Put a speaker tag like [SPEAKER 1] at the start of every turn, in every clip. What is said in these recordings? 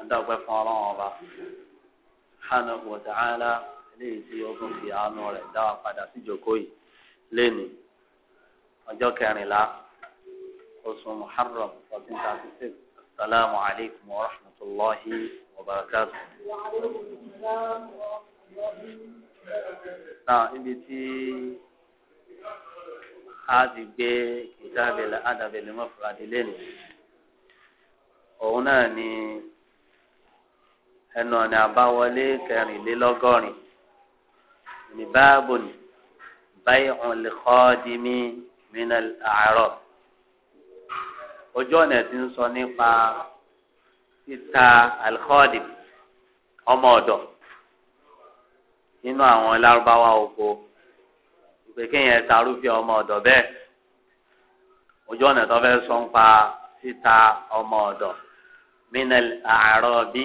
[SPEAKER 1] adáwọ̀pẹ́ fún ọlọ́run ọba hànà wọ̀tàhánà léyìí tí ó tún fi àánú rẹ̀ dáwà padà sí ìjókòó yìí lẹ́nu ọjọ́ kẹrìnlá oṣù muharram fourteen thirty six asalaamu alaykum wa rahmatulahi wa barakatu. náà ibi tí a ti gbé kìtàbí adàbẹ̀lẹ̀ mọ́fúradì lẹ́nu òun náà ni ẹnu ọ̀nà àbáwọlé kẹrìnlélọ́gọ́rin ní báàbùn bay'ul khadimi minal a'rab ojú ọ̀nà tí ń sọ nípa títa al-khadim ọmọ ọ̀dọ̀ nínú àwọn lárúbáwá oko ìpè kéèyàn sarúfẹ́ ọmọ ọ̀dọ̀ bẹ́ẹ̀ ojú ọ̀nà tó fẹ́ sọ ń pa títa ọmọ ọ̀dọ̀ minal a'rabi.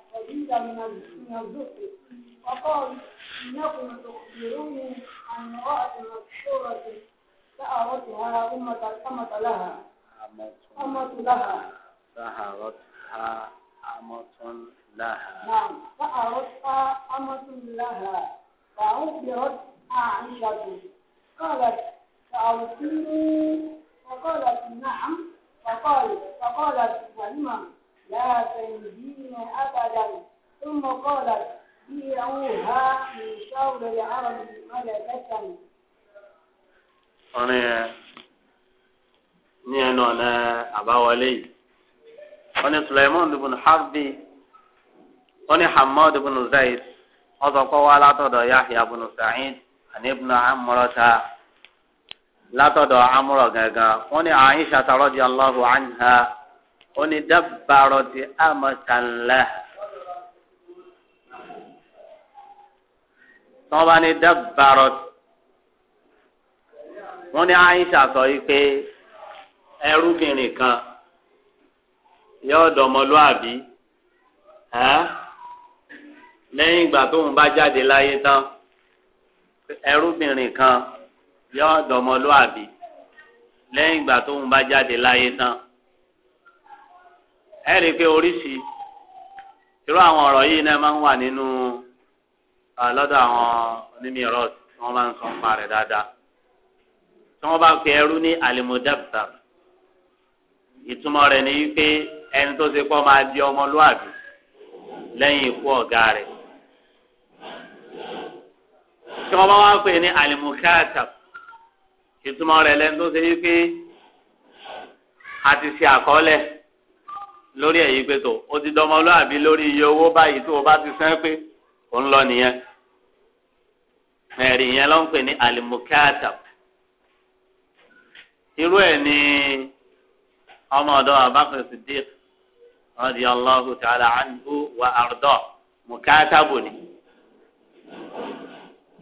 [SPEAKER 2] وجيدا من الزهد وقال إنكم تخبروني عن امرأة مكسورة سأرتها أمة أمة لها أمة لها
[SPEAKER 1] سهرتها أمة لها
[SPEAKER 2] نعم سهرتها أمة لها فأخبرت عائشة قالت فأوصيني فقالت نعم فقال فقالت ولما لا تنزين أبدا ثم قالت بيعوها من شر العرب ملكة
[SPEAKER 1] أنا ní ẹnu ọ̀nà àbáwọlé yìí wọ́n ní Suleiman Hamad onídàbàrọ̀ ti àmọ̀tànlá. wọ́n bá ní dàbàrọ̀ wọ́n ní Aisha sọ yìí pé ẹrúbìnrin kan yóò dọ̀mọlúàbí lẹ́yìn ìgbà tóun bá jáde láyé tán ẹrúbìnrin kan yóò dọ̀mọlúàbí lẹ́yìn ìgbà tóun bá jáde láyé tán ẹ rí i pé oríṣi irú àwọn ọ̀rọ̀ yìí náà máa ń wà nínú lọ́dọ̀ àwọn onímọ̀ tí wọ́n máa ń sọ nípa rẹ̀ dáadáa tí wọ́n bá pe ẹrú ní alimudabdab ìtumọ̀ rẹ̀ ni wípé ẹni tó ṣe pọ́ máa di ọmọlúwàbí lẹ́yìn ikú ọ̀gá rẹ̀
[SPEAKER 3] tí wọ́n bá wá pè ní
[SPEAKER 1] alimukatab ìtumọ̀ rẹ̀ lẹ́ni tó ṣe wípé a ti ṣe àkọọ́lẹ̀ lórí èyí pé tó o ti dọmọlúàbí lórí iye owó báyìí tó o bá ti sẹ́ pé o ń lọ nìyẹn ẹ̀rí yẹn ló ń pè ní alimukatab irú ẹ̀ ní ọmọ ọ̀dọ́ Abubakar Siddiq radiyallahu ta'ala anhu wa arda mukatabu ni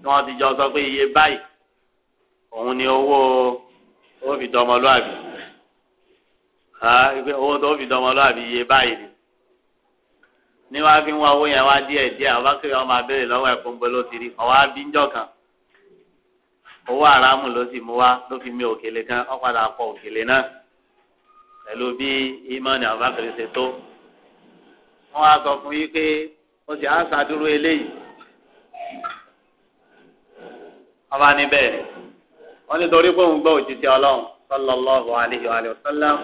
[SPEAKER 1] tí wọ́n ti jọ sọ pé iye báyìí òun ni owó ó fi dọmọlúàbí. ìgbé owó tó fi dọmọ lọ́wọ́ iye báyìí ni ní wàá fi ń wá owó yẹn wá díẹ̀ díẹ̀ abákẹ́rẹ́ ọmọ abẹ́rẹ́ lọ́wọ́ ẹ̀kọ́ ńbẹ ló ti rí ọwọ́ abíjọ́ kan owó ló sì mú wá ló fi mi òkèlè kan ó padà pọ̀ òkèlè náà pẹ̀lú bí imọ́ni ṣe tó wọ́n á sọ fún pé ó eléyìí ọba níbẹ̀ wọ́n pé òun gbọ́ òjijì ọlọ́run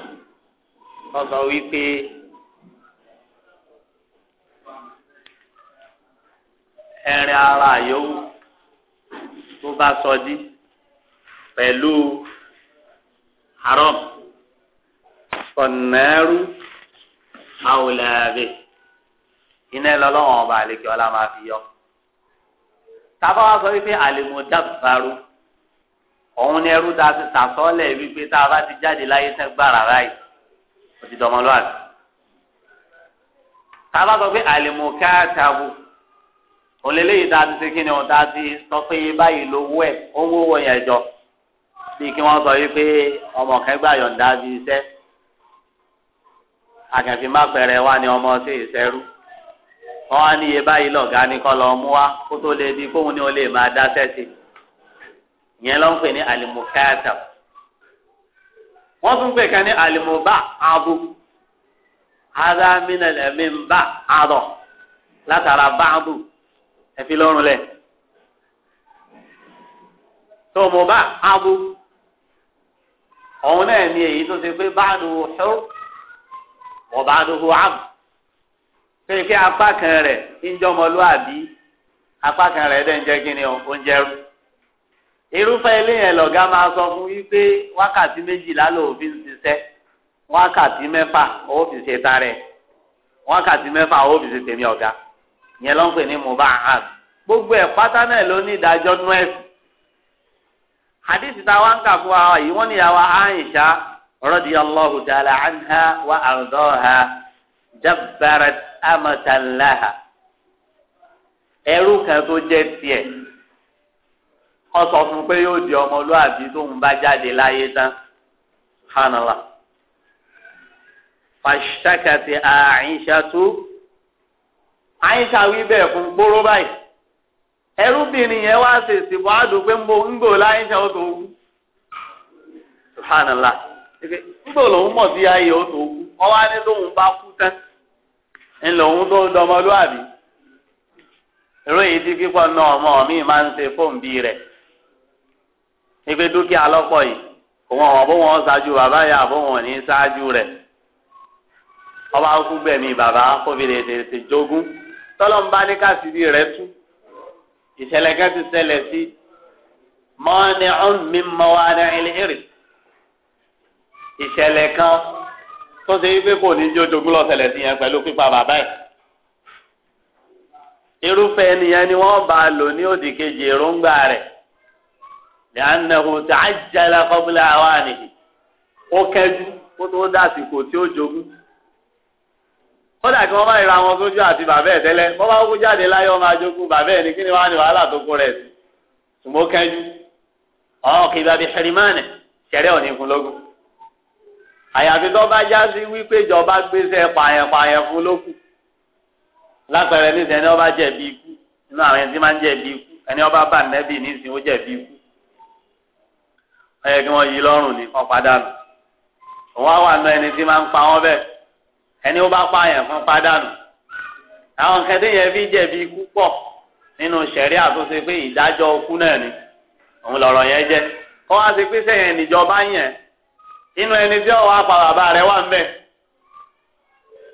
[SPEAKER 1] wọ́n sọ wípé ẹrin ara yòówù tó bá sọdí pẹ̀lú haram fọ̀nẹ́rú àwòlẹ́ẹ̀bẹ̀ iná ẹ lọ́lọ́wọ́n ọba àlekè ọlá máa fi yọ. tábà wá sọ wípé àlèmọ́dàbàrú òun ni ẹrú ta ti sàsọ́lẹ̀ wípé tá a bá ti jáde láyé tẹ́ gbàrà báyìí òsì dọmọlúwàbí tábà sọ pé àlèmọ̀ká tàbù òlélẹ́yìí tá a ti ṣe kí ni ọ̀ tá a ti sọ pé báyìí lówó ẹ̀ owó wọ̀ yẹn jọ bí kí wọ́n sọ yìí pé ọmọ kan gbà yọ̀ǹda iṣẹ́ àkànfin má pẹ̀rẹ̀ wá ni ọmọ sí ìṣẹ́rú wọ́n wá ní iye báyìí lọ̀gá ní kọ́ lọ mú wá kó tó lè di kóhun ni ó lè máa dá sẹ́sì ìyẹn ló ń pè ní àlèmọ̀ká tàbù wọ́n tún pè kan ní àlìmọ̀bá àbò adámínàlẹ́mìnbá àdọ̀ látara báàbò ẹ̀fi lọ́rùn lẹ̀. tó mọ̀bá àbò ọ̀hún náà ni èyí tó ṣe pé báàdù ṣó ọ̀bàdù hù àbò pé kí apá kan rẹ̀ ń jọmọlúàbí apá kan rẹ̀ dẹ̀ ń jẹ́ kí ni oúnjẹ rú. irúfẹ́ ilé yẹn lọ̀gá máa sọ fún yín pé wákàtí méjìlá ló fi ń ṣiṣẹ́ wákàtí mẹ́fà ó fi ṣe tarẹ̀ wákàtí mẹ́fà ó fi ṣe tèmi ọ̀gá yẹn ló ń pè ní gbogbo ẹ̀ pátá ló ní ìdájọ́ nú hadith ta wá ń kà fún wa yìí wọ́n ní ìyàwó anha wa jabbarat ẹrú kan tó tiẹ̀. wọ́n sọ fún pé di ọmọlúwàbí tóun bá jáde láyé tán hànàlá. fàṣítàkàtì àìṣà tó wí bẹ́ẹ̀ fún gbóró báyìí ẹrúbìnrin yẹn wá ṣèṣì bọ́ àdùn pé ń gbò láìṣà ó tó wú hànàlá ń gbò mọ̀ sí ayé ó tó wá ní mi máa ń fóun bí nígbè dúkìá lọ́pọ̀ yìí òun àwọn bó wọn ṣáájú bàbá yà bó wọn ní ṣáájú rẹ̀ ọba kú gbẹ̀mí bàbá kóbìnrin tètè jogún tọ́lọ́mbá ní káṣíbí rẹ̀ tú ìṣẹ̀lẹ̀ kan ti ṣẹlẹ̀ sí mọ́ni ọ̀nmi mọ́wáni ẹlẹ́rì ìṣẹ̀lẹ̀ kan tó ṣe wípé kò ní jó jogún lọ́sẹ̀lẹ̀ sí yẹn pẹ̀lú pípa bàbá yìí irúfẹ́ nìyẹn ni wọ́n bá lò ní òdì kejì èròǹgbà rẹ̀ لأنه تعجل قبل أوانه ó kẹ́jú kó tó dásìkò tí ó jogún kódà kí wọ́n bá ìra wọn sójú àti bàbá ẹ̀ tẹ́lẹ̀ wọ́n bá kó jáde láyé ọmọ ajogún bàbá ẹ̀ ní kí ni wàá ní wàhálà tó kó rẹ̀ sí ṣùgbọ́n kẹ́jú ọ̀hún kì í bàbí ṣẹ̀rìmánì ṣẹ̀rẹ̀ òní fún lógún àyàfi tó bá já sí wípé ìjọba gbéṣẹ́ pààyàn pààyàn fún lókù ẹyẹ kí wọn yí lọ́rùn ní wọn pàdánù òun á wà nù ẹni tí máa ń pa wọn bẹ́ẹ̀ ẹni ó bá pààyàn fún pàdánù àwọn kẹtẹ yẹn fi jẹ̀bi ikú pọ̀ nínú sẹrí àtúnṣe pé ìdájọ́ ikú náà ni òun lọ́rọ̀ yẹn jẹ kọ wá sí pé sẹ́yìn níjọba yẹn inú ẹni tí ọwọ́ apá bàbá rẹ̀ wà ń bẹ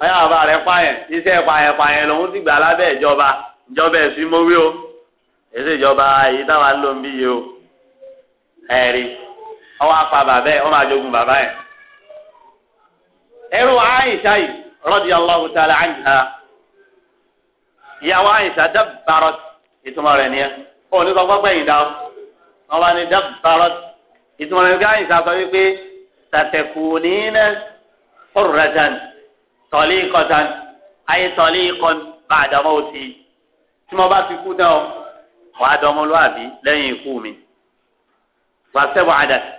[SPEAKER 1] ọyá bàbá rẹ̀ pààyàn iṣẹ́ pààyàn pààyàn lòun ti gbà lábẹ́ ìjọba ìjọba ẹsùn mọwé o èsì ìjọba èyí táwa ń lò ń bí yìí o ẹ̀rí ọwọ́ apá bàbá ẹ̀ ọmọ àjogún bàbá ẹ̀. ẹrù Àìṣà yìí radiyallahu ta'ala anha ìyàwó Àìṣà dabbarat ìtumọ̀ rẹ̀ nìyẹn ó ní sọ fọ́pẹ́ yìí dáwọ́ wọn bá ní dabbarat ìtumọ̀ rẹ̀ ní Àìṣà sọ wípé satakunina hurratan taliqatan ay taliqan ba'da mawti tí mo bá ti kú dáwọ́ wàá dọ́mọlúwàbí lẹ́yìn ikú mi wàá sẹ́wọ̀n àdàtì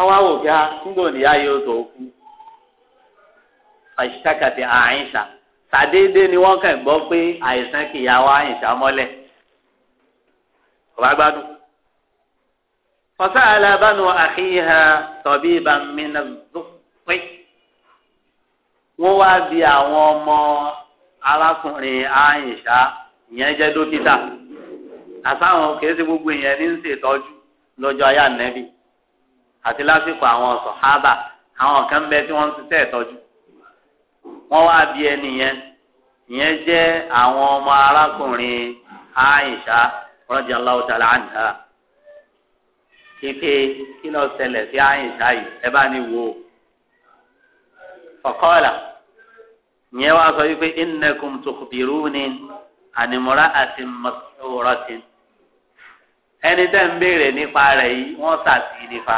[SPEAKER 1] wọ́n wá wò bíá ah, nígbà òní ayé oṣù òkú ọ̀ṣìṣàkàtì àyìnṣà sàdéédé ni wọ́n kàn gbọ́ pé àìsàn kìyàwó àyìnṣà mọ́lẹ̀ ọba gbádùn. فسأل بنو أخيها طبيبا من الزقي wọ́n wá bi àwọn ọmọ arákùnrin àyìnṣà ìyẹn jẹ́ dókítà àtàwọn kìí gbogbo ìyẹn ní ń ṣètọ́jú lọ́jọ́ ayé ànẹ́bí àti lásìkò àwọn sọ̀hábà àwọn kan bẹ tí wọ́n ń ṣiṣẹ́ ìtọ́jú wọ́n wá bí ẹni yẹn ìyẹn jẹ́ àwọn ọmọ arákùnrin Àìṣà radiyallahu ta'ala anha kíkẹ́ kí ló ṣẹlẹ̀ sí Àìṣà yìí ẹ bá ní wò ó ìyẹn wá sọ wípé innakum tukhbiruni an imra'atin mas'uratin ẹni tẹ́ ń béèrè nípa rẹ̀ yìí wọ́n sàtì nípa.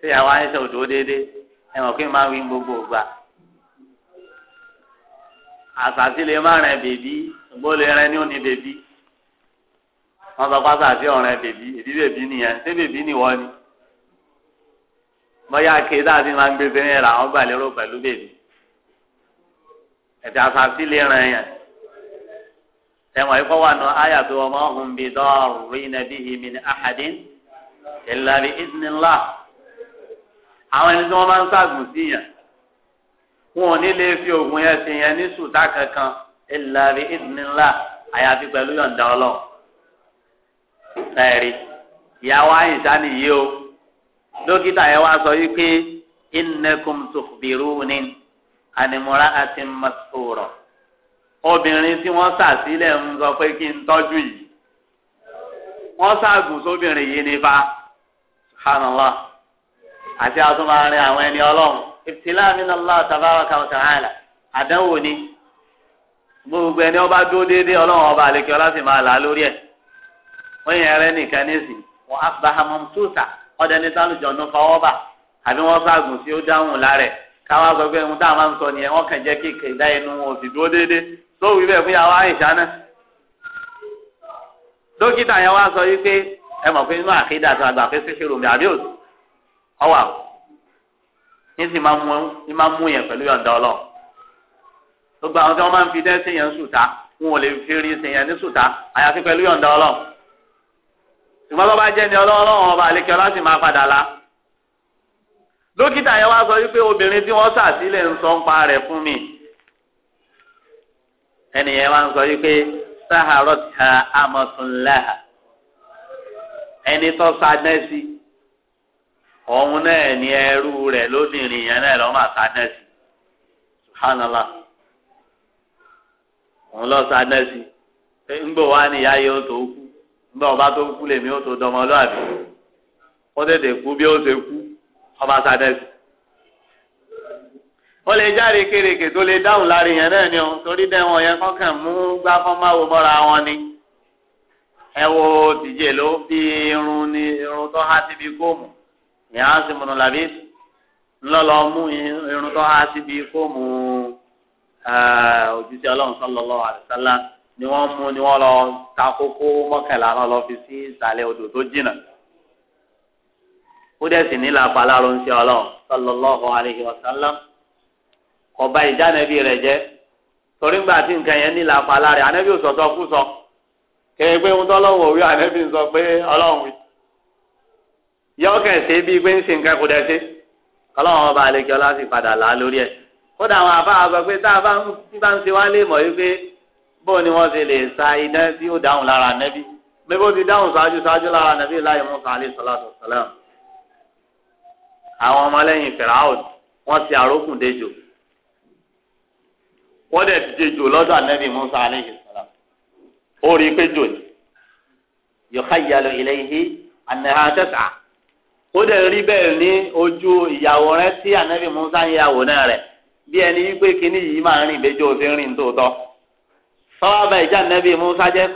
[SPEAKER 1] ṣé àwọn aṣọ òdò déédéé ẹ mọ̀ pé máa wí gbogbo ògbà àṣàṣì lè má bèbí ṣùgbọ́n lè rẹ ní òní bèbí wọ́n sọ pé àṣàṣì ọ̀rìn bèbí èbí bèbí nìyẹn ṣé bèbí nìwọ ni máa ń gbé gbà lérò pẹ̀lú bèbí lè yẹn wà nù ọmọ bíi rí nàbí àhàdín àwọn ẹni tí wọ́n máa ń ṣàgùn sí yẹn wọn ò ní lè fi oògùn yẹn ṣe yẹn ní sùtá kankan ìlàrí ìdínlá àyàfi pẹ̀lú yọ̀ǹda ọlọ́run ẹ̀rí ìyàwó àyìnṣá nìyí o dókítà yẹn wá sọ yìí pé innakum tukhbiruni ànìmọ́ra àti mọ́sọ̀rọ̀ obìnrin tí wọ́n sàsílẹ̀ ń sọ pé kí n tọ́jú yìí wọ́n ṣàgùn sóbìnrin yìí nípa subhanallah àti àtúmọ̀rin àwọn ẹni ọlọ́run ìfìlà min Allah tabaraka wa ta'ala àdánwò ni gbogbo ẹni ọba dúró déédéé ọlọ́run ọba àlekè ọlá sì máa là á lórí ẹ̀ wọ́n yẹn rẹ nìkan nísìn wọ́n abahamu tuta ọ̀dẹ ní sálùjọ ní fọwọ́bà àbí wọ́n ságùn tí ó dáhùn lárẹ̀ káwá sọ ohun tá máa ń sọ nìyẹn wọ́n kàn jẹ́ kí kèdá inú wọn ò sì dúró déédéé tó wí bẹ́ẹ̀ fún àyíṣà náà dókítà yẹn wá sọ yìí pé ẹ mọ̀ pé inú àkídà tó àgbà pé ṣíṣe rò àbí òsì ọwà ní máa mú ní máa mú yẹn pẹ̀lú yọ̀ǹda ọlọ́ gbogbo àwọn tí wọ́n máa ń fi dẹ́sẹ̀ yẹn sùtá wọn ò lè fi rí sí yẹn ní sùtá àyàfi pẹ̀lú yọ̀ǹda ọlọ́ ṣùgbọ́n tó bá jẹ́ ni ọlọ́wọ́n ọba àlekẹ́ láti máa padà la dókítà yẹn wá sọ wípé obìnrin tí wọ́n sàsílẹ̀ ń sọ ń pa rẹ̀ fún mi ẹnìyẹn wá sọ wípé sáhàrọ̀ ti ha amọ̀tún lẹ́hà ẹni tó sa nẹ́sì. òun náà ní ẹrú rẹ̀ lóbìnrin yẹn náà lọ́mọ àtànẹ́sì òun lọ sànẹ́sì ńgbò wá níyà tó kú ńgbà ọba tó kú lèmi ó tó ó tètè kú bí ó ṣe kú ọba sànẹ́sì ó lè jáde kéreké tó lè dáhùn yẹn náà ni ó torí dẹ́wọ̀n yẹn kọ́kàn mú mọ́ra wọn ni ẹ wo ló fi irun ni irun tó há síbi ní Asim ibn Labis ńlọ́lọ́ mú irun tó há síbi fóòmù òjíṣẹ́ ọlọ́run sallallahu alaihi wasallam ni wọ́n mú ni wọ́n lọ ta kókó mọ́kànlá náà lọ fi sí ìsàlẹ̀ odò tó jìnnà ó dẹ̀ sì ní làpá láàrọ̀ ń ṣe ọlọ́run sallallahu alaihi wasallam ọba ìjánẹbí rẹ̀ jẹ́ torí gbà tí nǹkan yẹn ní làpá láàrẹ̀ ànẹ́bí òsọ̀tọ̀ kú sọ kẹ́ẹ́ ń tọ́lọ́wọ̀ wí ànẹ́bí ń sọ pé ọlọ́run wí yọ kẹsẹ bíi pé ń sin nǹkan kò dẹ sí ọlọ́run ọba àlejò ọlá sì padà là á lórí ẹ kódà àwọn àbá àgbà pé tá a bá ń bá ń ṣe wá lè mọ̀ wípé bóun ni wọ́n ṣe lè sa iná tí ó dáhùn lára nẹ́bí mébó ti dáhùn ṣáájú ṣáájú lára nẹ́bí láì mú kan alẹ́ sọlá tó sọlá àwọn ọmọlẹ́yìn fìràwọ̀ wọ́n ti àrókùn déjò wọ́n dẹ̀ ti déjò lọ́dọ̀ ànẹ́bí musa alẹ́ sọlá ó rí i ní yọ̀ká ìyàlọ̀ ilẹ̀ yìí ànẹ́hà ó dẹ̀ rí bẹ́ẹ̀ ní ojú ìyàwó rẹ tí ànábì musa ń yàwó náà rẹ̀ bí ẹni wípé kínní yìí máa rìn ìbejì òfin rìn tòótọ́ sọ́wọ́ ìjà ànábì musa jẹ́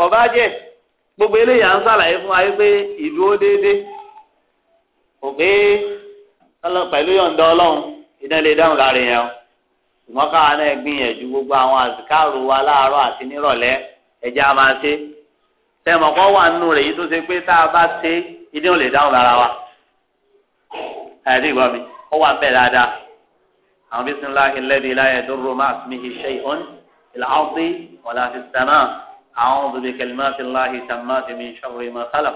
[SPEAKER 1] gbogbo eléyà ń sàlàyé fún wa pé o déédéé kò pé pẹ̀lú yọ̀ǹda ọlọ́run iná lè dáhùn láàrin yẹn káwa náà gbogbo àwọn àzìkáàrò wa láàárọ̀ àti nírọ̀lẹ́ ẹja máa ṣe tẹ̀mọ̀kọ́ wà rẹ̀ yìí tó ṣe pé tá a bá ẹ̀rí ìwà mi ó wà bẹ́ẹ̀ dáadáa àwọn bisimilahi lẹ́bi láyé dúró máa sinmi iṣẹ́ ìhón ìlàáfíì wàlá fi sàmà àwọn òbí kẹlẹ́mà fi láhi tàmá fi mi ṣọ́rọ̀ ìmọ̀ kálọ̀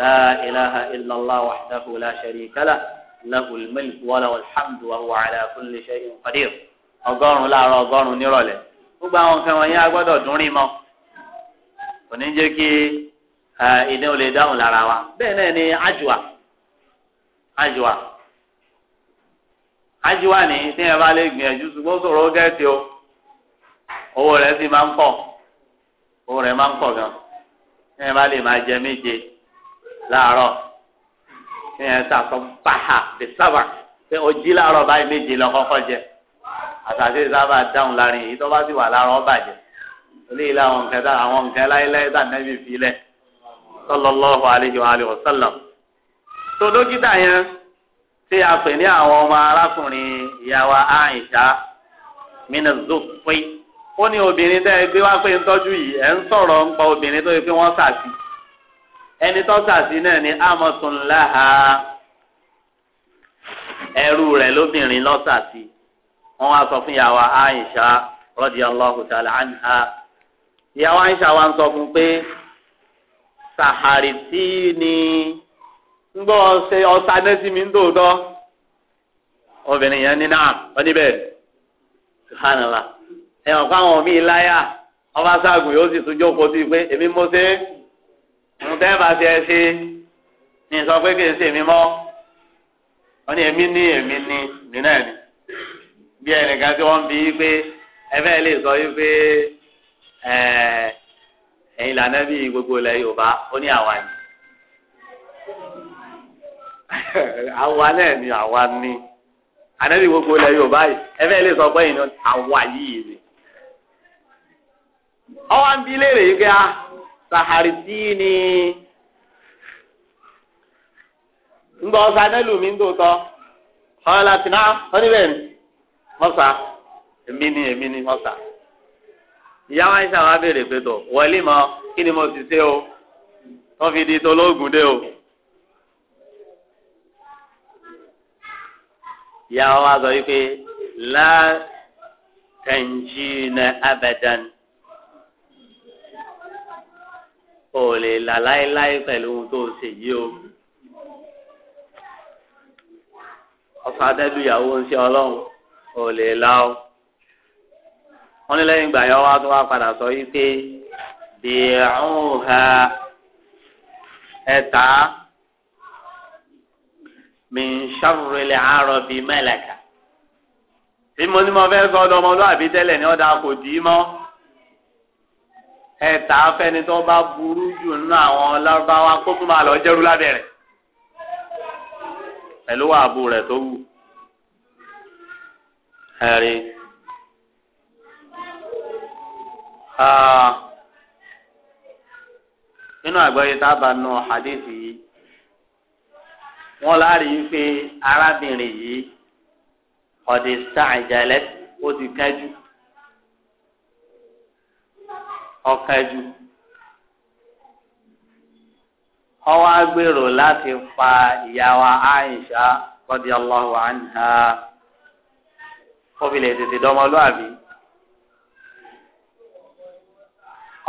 [SPEAKER 1] láìláha ìlàlá wàhídàkú láṣẹ̀rí kálá lahu lmilk wàlá alhamdu wa huwa ala kulli shay'in qadir ọgọ́rùn láàárọ̀ ọgọ́rùn nírọ̀lẹ́ gbogbo àwọn nǹkan wọ̀nyí a gbọ́dọ̀ dún rí mọ́ kò ní jẹ́ kí ìdánwò lè dáhùn lára wa bẹ́ẹ̀ náà ni ajwa ajwa ajiwa ni tí yẹn bá lè gbìyànjú ṣùgbọ́n sọ̀rọ̀ ó gẹ̀ẹ́sì o owó rẹ̀ sì máa ń pọ̀ owó rẹ̀ máa ń pọ̀ gan tí yẹn bá lè máa jẹ méje láàárọ̀ tí yẹn sàkọ́ pàhà lè sábà tí o jí láàárọ̀ báyìí méje lọ kọ́kọ́ jẹ àtàtì sábà dáhùn láàrin yìí tó bá sì wà láàárọ̀ bàjẹ́ olè ilé àwọn nǹkan àwọn nǹkan láéláé tà nẹ́bí filẹ̀ sallallahu alaihi wa alihi wa sallam tí a pè ní àwọn ọmọ arákùnrin ìyàwó àìsà mínàzófin ó ní obìnrin tẹ́ ẹ gbé wá pé ń tọ́jú yìí ẹ̀ ń sọ̀rọ̀ ń pa obìnrin tó yẹ pé wọ́n sàtì ẹni tó sàtì náà ni amọ̀túnláha ẹrú rẹ̀ lóbìnrin lọ́sàtì wọ́n wá sọ fún ìyàwó àìsà radiyallahu ta'ala anha ìyàwó àìsà wa ń sọ fún pé sàhàrìtì ni ńgbọ́ ọ̀sẹ̀ ọ̀sà nẹ́sì mi ń dòótọ́ obìnrin yẹn ní náà wọ́n níbẹ̀ sùhánàlá ẹ̀wọ̀n kó àwọn míì láyà ọba sáàgùn yóò sì tún jókòó sí i pé èmi mo ṣe ń tẹ́ bá ṣe ẹ ṣe ní sọ pé kì í ṣe èmi mọ́ wọ́n ní èmi ní èmi ní èmi náà ni bí ẹnìkan tí wọ́n bí pé ẹ fẹ́ lè sọ yí pé ẹ̀ẹ́n ìlànà bíi gbogbo ilẹ̀ Yorùbá ó ní àwa ni. àwa náà ni àwa ní ànábì gbogbo ilẹ̀ Yorùbá yìí ẹ̀fẹ́ lè sọ pé àwa yìí ni.
[SPEAKER 3] ọwọ́ ń bi léèrè a
[SPEAKER 1] sàhárì tí ni ńgbọ́ sanẹ́lù mi ń tòótọ́ ọ̀rọ̀ láti náà ni wa ń ṣàwọn abèrè pé tọ̀ wọlé mọ́ kí ni mo sì ṣe o wọ́n fi di o. ìyá wa sọ wípé la tanjina abadan o lè là láéláé pẹ̀lú ohun tó ṣe yìí o ọ̀sán adẹ́lu ìyàwó ń ṣe ọlọ́run o lè là o wọ́n ní lẹ́yìn ìgbà yẹn wá tó wá padà sọ wípé bìrùn ha ẹ̀ tà min sharri al-arabi malaka tí mo ní mo fẹ́ sọ ọdọ ọmọlúwàbí tẹ́lẹ̀ ni ọ̀dà kò dì í mọ́ ẹ̀ta afẹ́ni tó bá burú jù nínú àwọn lárúbáwá kó tún máa lọ jẹ́rú lábẹ́rẹ̀ pẹ̀lú ààbò rẹ̀ tó wù ẹ̀rí. Ah. nínú àgbáyé tá a bá yìí wọn láàrin yìí pé arábìnrin yìí ọ̀dẹ̀ sàìjàlẹ̀ ó ti kájú ọ̀kájú ọwọ́ agbèrò láti pa ìyá wa Aisha radiyallahu anha kọ́bìlẹ̀ tètè dọ́mọlúwàbí.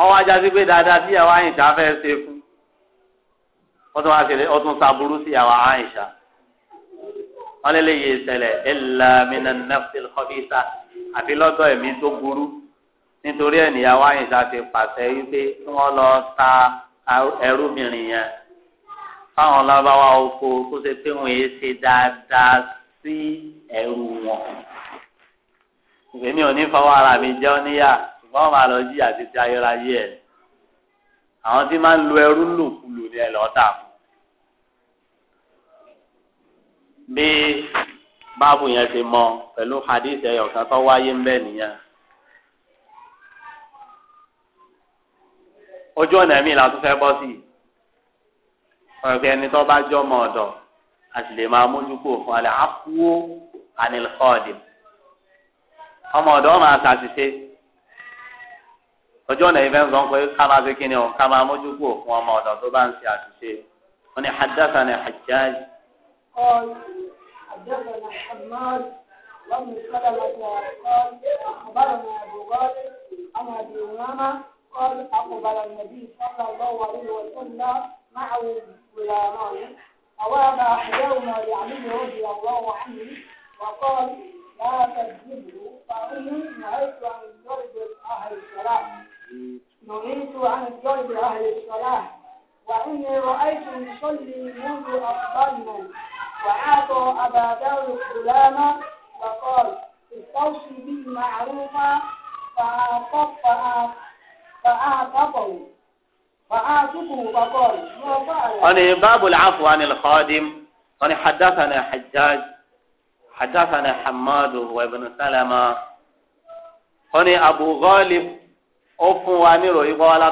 [SPEAKER 1] ọwọ́ ajá sí pé dáadáa tíyàwó Aisha fẹ́ ṣe fún wọ́n tún wá sílẹ̀ ọtún sábúrú sí àwọn àìsà wọ́n lé léyè ìṣẹ̀lẹ̀ ẹ̀là mina nafsil khabisa àfi lọ́dọ̀ ẹ̀mí tó burú nítorí ẹ̀nìyàwó àìsà ti pàṣẹ wípé wọ́n lọ ta ẹrú mìíràn yẹn fáwọn lábáwá oko tó ṣe pé wọn èé ṣe dáadáa sí ẹrú wọn ìgbéni òní fọwọ́ ara mi jẹ́ ọ́ níyà ṣùgbọ́n màá lọ jí àti ti ayérayé ẹ̀ àwọn tí máa ń lo ẹrú lòkulò ni ẹ lọ́ọ́ fún. bí báàbù yẹn ti mọ pẹ̀lú hadith ẹ̀yọ̀kan tó wáyé ń bẹ̀ nìyẹn. ojú ọ̀nà mi la tún fẹ́ bọ́ sí i ọ̀rọ̀kẹ́ ẹni tó bá jọ ọmọ ọ̀dọ̀ a sì lè máa mójúkó ọ̀lẹ́ àkúwó ànilkọ́ọ̀dì ọmọ ọ̀dọ̀ máa ṣàṣìṣe ojú ọ̀nà ìfẹ́ nǹkan pé ká máa fi kíni o ká máa mójúkó fún ọmọ ọ̀dọ̀ tó bá ń ṣe àṣìṣe wọn ni hadassah ni hajjaj.
[SPEAKER 2] قال حدثنا حماد وابن سلمة قال أخبرنا أبو غالب عن أبي أمامة قال أقبل النبي صلى الله عليه وسلم معه غلامان فوابى أحدهما لعلي رضي الله عنه وقال لا تكذبه فإني نهيت عن ضرب أهل الصلاة نهيت عن ضرب أهل الصلاة وإني رأيت يصلي منذ أفضلنا وأعطوا أبا داود غلاما فقال استوصي به معروفا فأعتقوا فأعتقوا فقال ما فعل باب
[SPEAKER 1] العفو عن الخادم قال حدثنا حجاج حدثنا حماد وابن سلمة قال أبو غالب أفوا نيرو يقول على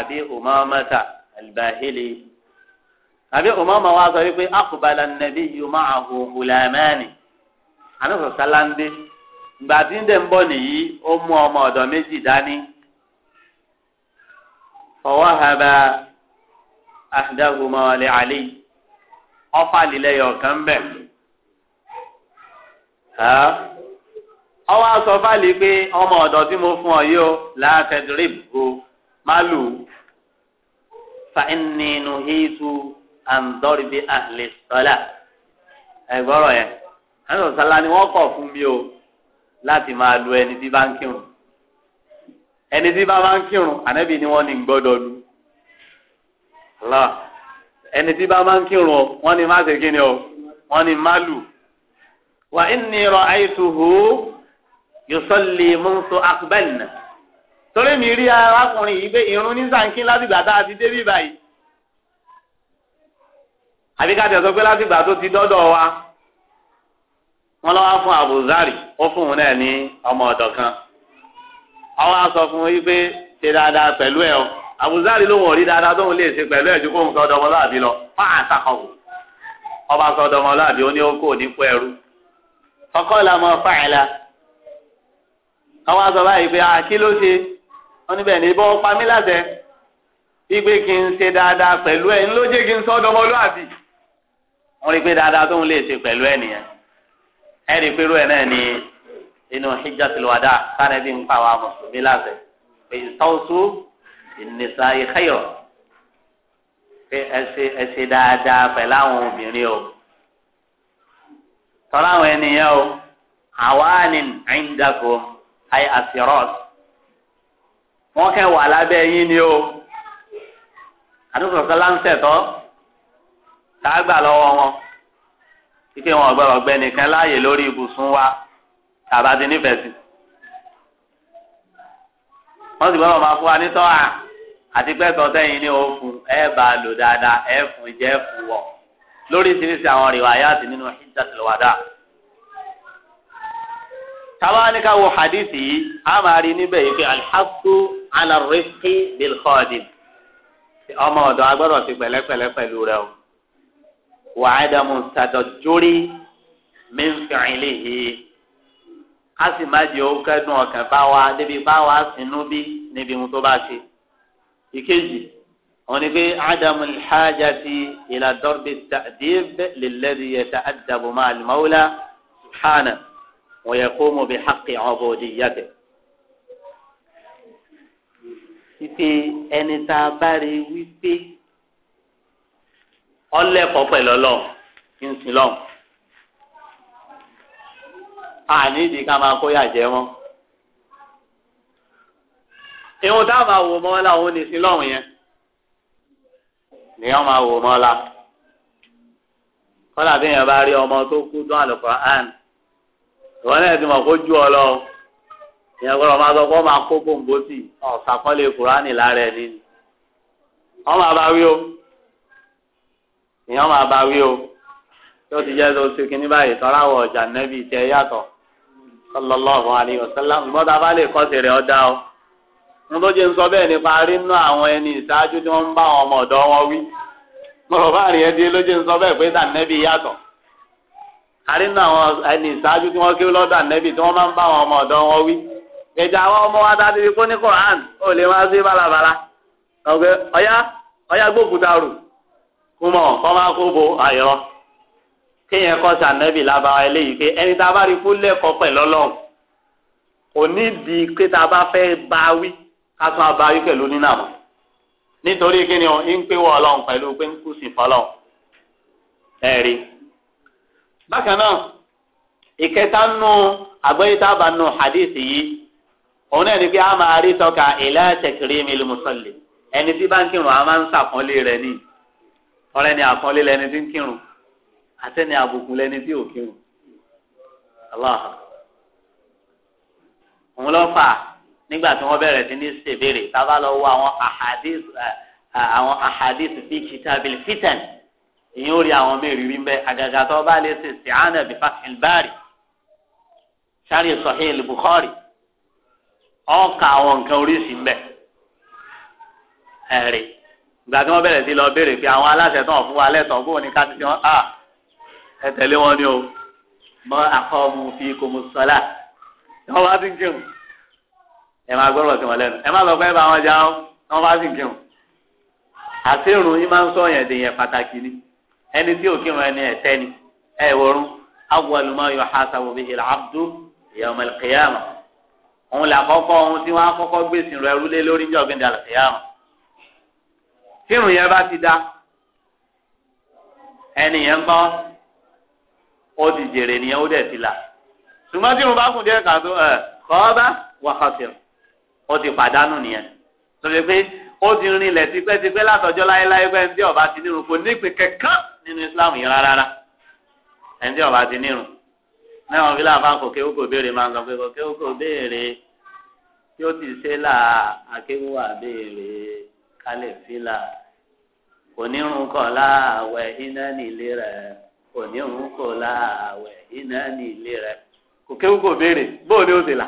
[SPEAKER 1] أبي أمامة الباهلي àbí umama wa sọ wípé akubala nàbí yomá ahùhùlámẹ́ni àníṣọ sálàndé ìgbà tí ń dẹ̀ ń bọ̀ nìyí ó mú ọmọ ọ̀dọ̀ méjì dání fọwọ́ haba ahdahuma li ali ọfà lílẹ̀ bẹ̀ ọwọ́ aṣọ fàlì pé ọmọ ọ̀dọ̀ tí mo fún ọ yóò látẹ̀dúrìbù má lù fa inni nuhitu. àǹdọ́rì bíi àlè sọ́là ẹ̀gbọ́rọ̀ yẹn ẹ̀rọ sọ́là ni wọ́n kọ̀ fún mi o láti máa lu ẹni tí bá ń kírun ẹni tí bá bá ń kírun ànábì ni wọ́n ní gbọ́dọ̀ lu ẹni tí bá bá ń kírun o wọ́n ní má ṣe kí ni o wọ́n ní má lù wà ní rọ àìsùhù yòsọ̀lì mọ́tò àkùbẹ́lì torí mi rí arákùnrin yìí pé irun ní sànkí láti tá a ti dé bí báyìí àbí ká tẹ̀sọ́ pé láti ìgbà tó ti dọ́dọ̀ wa wọ́n lọ́wọ́ fún àbùzárì ó fún un náà ní ọmọ ọ̀dọ̀ kan àwọn aṣọ fún yí pé ṣe dáadáa pẹ̀lú ẹ̀ o àbùzárì ló wọ̀n rí dáadáa tóun lè ṣe pẹ̀lú ẹ̀ ju kóun sọ ọdọmọláàbí lọ fún àtàkọ̀wò ọba sọ ọdọmọláàbí ó ní ó kò ní kó ẹrú ọkọ làmọ fàìlà àwọn aṣọ báyìí pé àkí ló ṣe wọn níbẹ̀ ní bọ́ pamílàṣẹ ìgbé kí n ṣe dáadáa pẹ̀lú ẹ̀ ńlójé kí n sọ ọdọmọláàbí wọ́n rí pé dáadáa tóun lè ṣe pẹ̀lú ẹ̀ nìyẹn ẹ̀ rí pé irú ẹ̀ náà ni inú hijjatul wada sáré bí ń pa àwọn mùsùlùmí láṣẹ pé ìtọ́sù ìnìṣà ìkẹyọ̀ pé ẹ ṣe dáadáa pẹ̀lú àwọn obìnrin o tọ́lá àwọn ènìyàn o àwáàní ẹ̀ńdàkọ àyè àṣírọ́ọ̀sì wọ́n kẹ́ wà lábẹ́ yín ni o àdúgbò kan láǹṣẹ̀ tọ́ tá a gbà lọ́wọ́ wọn ike wọn gbọ́dọ̀ gbẹ nìkan láàyè lórí ibùsùn wa tàbá ti nífẹ̀ẹ́ sí wọ́n sì gbọ́dọ̀ máa fún wa ní tọ́wà àti pẹ́tọ́ sẹ́yìn ní òfun ẹ bá a lò dáadáa ẹ fún jẹ́ fún wọ lórí ìsinísì àwọn rìwáyàtì nínú hijjatul wada tabanika wo hadisi yìí a máa rí níbẹ̀ yìí pé alḥaqu ala rifqi ọmọ ọ̀dọ̀ agbọ́dọ̀ ti pẹ̀lẹ́pẹ̀lẹ́ pẹ̀lú rẹ o. وعدم تدجري من فعله asi ma di o kẹdùn ọkàn bá wa débi bá wa sínú bí níbi mu tó bá ṣe ìkejì òun ni pé ádámù alhájàti ìlà dọ́rbì tàdíb lilladhi yata'addabu ma'a al-mawla subhana wa yaqumu bi haqqi ubudiyyati. títí ẹni tá a bá rí wípé ọlẹ́kọ̀ọ́ pẹ̀lú ọlọ́run kí n sin lọ́run. àníìdí ká máa kóyà jẹ wọn. ìwọ̀n tá a máa wò mọ́ ọ́lá òun ní sin lọ́run yẹn nìyẹn máa wò mọ́ ọ́lá. kọ́lá bí èèyàn bá rí ọmọ tó kú dún àlùkò àn ìwọ náà ti mọ̀ kó ju ọ lọ ìyẹn gbọ́dọ̀ máa sọ pé wọ́n máa kó bòǹbò sí ọ̀sàkọ́lé kùránì lára ẹni. wọ́n máa bá wí o èèyàn máa bá wí o yóò ti jẹ́ tó ṣe kínní báyìí tọ́láwọ̀ ọjà nẹ́bí tẹ yàtọ̀ sallallahu alaihi wasallam ǹgbọ́n tá a bá lè kọ́ sí rẹ̀ ọ̀dà o mo tó jẹ́ ń sọ bẹ́ẹ̀ nípa rí nínú àwọn ẹni ìṣáájú tí wọ́n ń bá àwọn ọmọ ọ̀dọ́ wọn wí mọ̀rọ̀ bá rí ẹdí ló jẹ́ ń sọ bẹ́ẹ̀ pé dànẹ́bí yàtọ̀ àrí àwọn ẹni ìṣáájú tí wọ́n kéwọ́ kúmọ̀ kọ́ máa kó bo àyọ̀ ah, kéèyàn kọ́ sànẹ́bì lábára eléyìí pé ẹni tá a bá rí kú lẹ́kọ̀ọ́ pẹ̀lú ọlọ́run kò ní di pé tá a bá fẹ́ bá wí ká tún a bá wí pẹ̀lú nínàmọ́ nítorí kí ni ọ ń pé wọ ọlọ́run pẹ̀lú pé ń kú sí fọlọ́run ẹ̀rí. bákan náà ìkẹta nù àgbẹ̀yìí nù hadith yìí òun náà ni pé a máa rí tọ́ka ìlà tẹ̀kìrì mi lè mùsọ̀lẹ̀ ẹni tí báńkì rùn a máa ń sàpọ́nlé rẹ̀ nìyí ọ̀rẹ́ ni àkọlé lẹni tí ń kírun àtẹni àbùkù lẹni tí ò kírun Allah òun lọ fà nígbà tí wọ́n bẹ̀rẹ̀ sí ní ṣèbéèrè tábà lọ wọ àwọn ahadith àwọn ahadith fi kitabil fitan ìyẹn ó rí àwọn mẹ́rìírí ń bẹ àgàgà tó bá lè ṣe ṣìánà bí fàkìl bárì sáré sọhíl bukhari ọkà àwọn nǹkan oríṣi ń bẹ ẹ̀rí gbà tí wọ́n bẹ̀rẹ̀ sí lọ béèrè pé àwọn aláṣẹ tán fún wa lẹ́tọ̀ọ́ bóun ni ká ti wọn à ẹ tẹ̀lé wọn ni o mọ àkọ́mu fi kò mú sọ́lá tí wọ́n bá ti ń kírun ẹ máa gbọ́dọ̀ sí wọn lẹ́nu ẹ má lọ pẹ́ bá wọn já ọ tí wọ́n bá ti ń kírun àtẹ̀rùn yín máa ń sọ yẹn dèyẹn pàtàkì ni ẹni tí ò kírun ẹni ẹ̀tẹ́ ni ẹ wọ̀run awwalu ma yuhasabu bihi al-abdu yawm al-qiyamah òun làkọ́kọ́ ohun tí wọ́n á gbèsè rẹ̀ rúlé lórí ní ọ̀gbìn dàlùkìyàmù tí irun yẹn bá ti da ẹni yẹn gbọ́ ó ti jèrè nìyẹn ó dẹ̀ ti là ṣùgbọ́n tí irun bá kùn díẹ̀ kàtó ẹ̀ kọ́ọ́bá wà kọ́sìrì ó ti pàdánù nìyẹn sọ̀rọ̀ pé ó ti rinlẹ̀ tipẹ́tipẹ́ látọjọ́ láéláé pé ẹni tí ọba ti nírun kò ní ìpín kankan nínú Islam yìí rárá ẹni tí ọba ti nírun náà wọn fi láàfáà kò kò béèrè máa ń sọ pé kò kéwú kò béèrè tí ó ti ṣe là akéwú àbéèrè kálẹ̀ fílà onírun kọ̀ láàwẹ̀ iná nílé rẹ̀ onírun kọ̀ láàwẹ̀ iná nílé rẹ̀ kò kéwú kò béèrè bóò ni ó ti là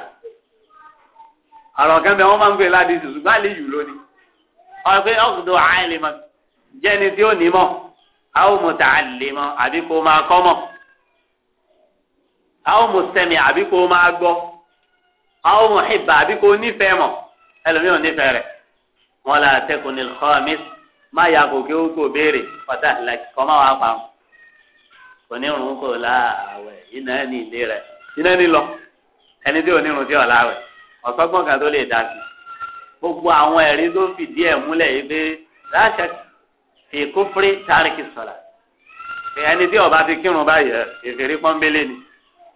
[SPEAKER 1] àròkàn bẹ wọn máa ń gbé ládìí sùn ṣùgbọ́n àlè yù lónìí ọ̀gbẹ́ ọ̀gbọ́dọ̀ àìlèmọ̀ jẹ́ni tí ó ní mọ̀ àwọn mọ̀tà àlèmọ̀ àbí kò máa kọ́ mọ̀ àwọn mọ̀sẹ̀mì àbí kò máa gbọ́ àwọn mọ̀hìbà àbí kò nífẹ̀ẹ́ mọ̀ ẹlòmíràn nífẹ̀ẹ́ rẹ̀ wọn là tẹkùn ní má ya kò kí ó kò béèrè pátá lẹ́kì kọ́ má wàá pa wọn. kò ní irun kò láàwẹ̀ iná ní ilé rẹ̀ iná ní lọ ẹni tí ò ní irun tí ò láwẹ̀ ọ̀sọ́gbọ̀n kan tó lè dá sí. gbogbo àwọn ẹ̀rí tó fìdí ẹ̀ múlẹ̀ yìí pé láṣẹ ìkófúrí tárìkì sọ̀rọ̀ ẹni tí ọba ti kírun báyìí ìfèrí pọ́nbélé ni.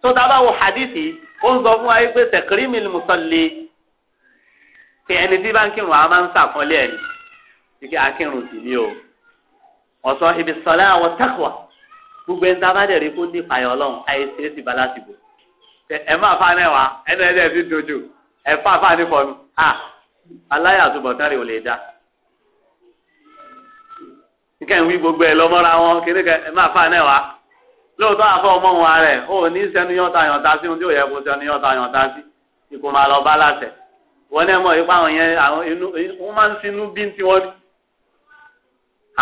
[SPEAKER 1] tó dábàá wo hadithi ó ń sọ fún wa pé tẹ̀kírímì mùsọ̀lì pé ẹni tí bá ń kírun àwọn máa ń sàkọ́lé ẹni ike akínrun sì ni o ọ̀sán ibi sọlá àwọn tákùwà gbogbo ẹni tá a bá dẹ̀ rí kó ní ìpayọ̀ ọlọ́run àìsí èsì bá láti bò ẹ má fa mẹ́wàá ẹni ẹni ẹni dojú ẹ fa fa ní fọnù à aláyà àtúbọ̀tán rè ò lè dá nkẹ́ ń wí gbogbo ẹ lọ́mọ́ra wọn kí ni kẹ́ ẹ má fa mẹ́wàá lóòótọ́ àfọ ọmọ wọn rẹ̀ ó ní sẹ́nu yọ̀ǹta yọ̀ǹta sí ohun tí ó yẹ kó sẹ́nu yọ̀ǹta yọ̀ǹta sí ikú máa lọ bá láṣẹ wọn náà mọ̀ ipá àwọn yẹn àwọn inú wọn máa ń sinú bí tiwọn ni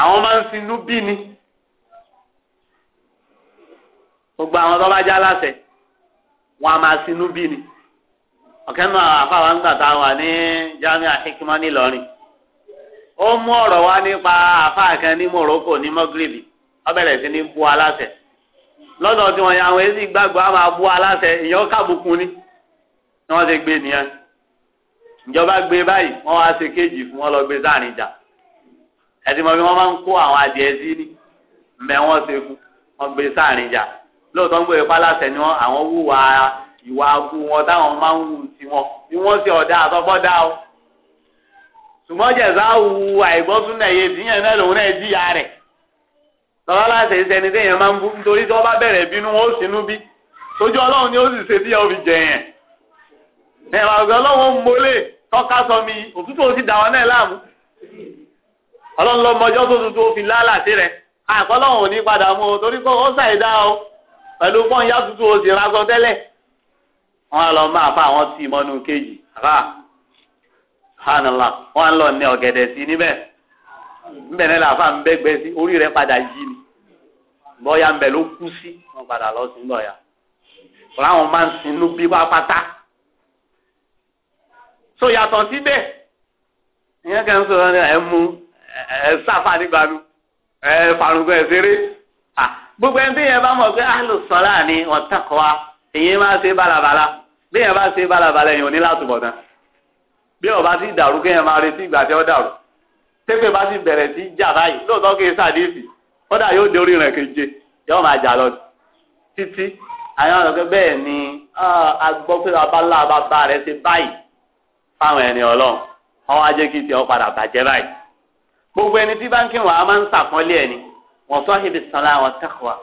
[SPEAKER 1] àwọn máa ń finú bí ni gbogbo àwọn tó bá já láṣẹ wọn a máa sinú bí ni wà ní jamiu hikima nílọrin ó mú ọ̀rọ̀ wá nípa àfáà kan ní Morocco ní mọ́gírìbì ó bẹ̀rẹ̀ sí ní bu aláṣẹ lọ́dọ̀ tí wọ́n yà èsì gbàgbọ́ máa aláṣẹ ìyẹn ni ni wọ́n ti gbé nìyẹn ìjọba gbé báyìí wọ́n wá ṣe kéèjì fún wọn lọ gbé ẹtì mọ̀ bí wọ́n máa ń kó àwọn adìẹ sí ni mbẹ wọn ṣe kú wọn gbé sáàrin jà lóòótọ́ ń gbé pálásẹ̀ ni wọn àwọn wúwa ìwà akú wọn táwọn máa ń wù sí wọn bí wọ́n ṣe ọ̀dà àtọ́gbọ́dá o ṣùgbọ́n wu àìgbọ́sùn náà yé ìdíyẹn náà lòun náà jìyà rẹ̀ tọ́lá láti téèyàn máa ń bú nítorí tí wọ́n bá bẹ̀rẹ̀ bínú wọn ó sínú bí sójú ọlọ́run ni ó sì ṣe tí yẹn ò fi jẹ ọlọ́run ó mọlé tọ́ka sọ òtútù ó sì dà wọn náà láàmú ọlọ́run tó tuntun ó fi lálàsí rẹ̀ àkọ́lọ́run ò ní padà mú o torí pé ó ṣàìdá o pẹ̀lú pọ́ńyá tuntun o sì ragbọ tẹ́lẹ̀ wọ́n lọ máa fa àwọn tí mọ́nú kéjì àbá hànàlá wọ́n lọ ní ọ̀gẹ̀dẹ̀ sí níbẹ̀ níbẹ̀ náà làfà ń bẹ́gbẹ́ sí orí rẹ̀ padà yí ni bọ́yá ń bẹ̀ ló kú sí wọ́n padà lọ sí bọ́yá làwọn máa ń sinú bí pátá so yàtọ̀ síbẹ̀ ìyẹn kan sọ̀rọ̀ ẹ̀ mú ẹ sáfà nígbà mi gbogbo ẹni tí bá mọ̀ pé àlò sọ́lá ni ọ̀tá kọ́ wa èyí máa ṣe bálabàla bí bá ṣe bálabàla yẹn ò ní látùbọ̀ tán bí ọba ti dàrú kéèyàn máa retí ìgbà tí ó dàrú tẹ́fẹ̀ bá ti bẹ̀rẹ̀ sí jà báyìí lóòótọ́ kí n ṣàdéfì kódà yóò dé orí rẹ̀ keje yóò máa jà lọ títí àwọn ọ̀dọ́gbẹ́ bẹ́ẹ̀ ni a gbọ́ pé abala bàbá rẹ̀ ṣe báyìí fáwọn ẹni ọlọ́run wọn wá jẹ́ kí tiẹ̀ padà bàjẹ́ báyìí gbogbo ẹni tí báńkì wọn a máa ń sàpọ́nlé ẹni wọ́n sọ ibi sọlá àwọn tẹ́kọ̀ọ́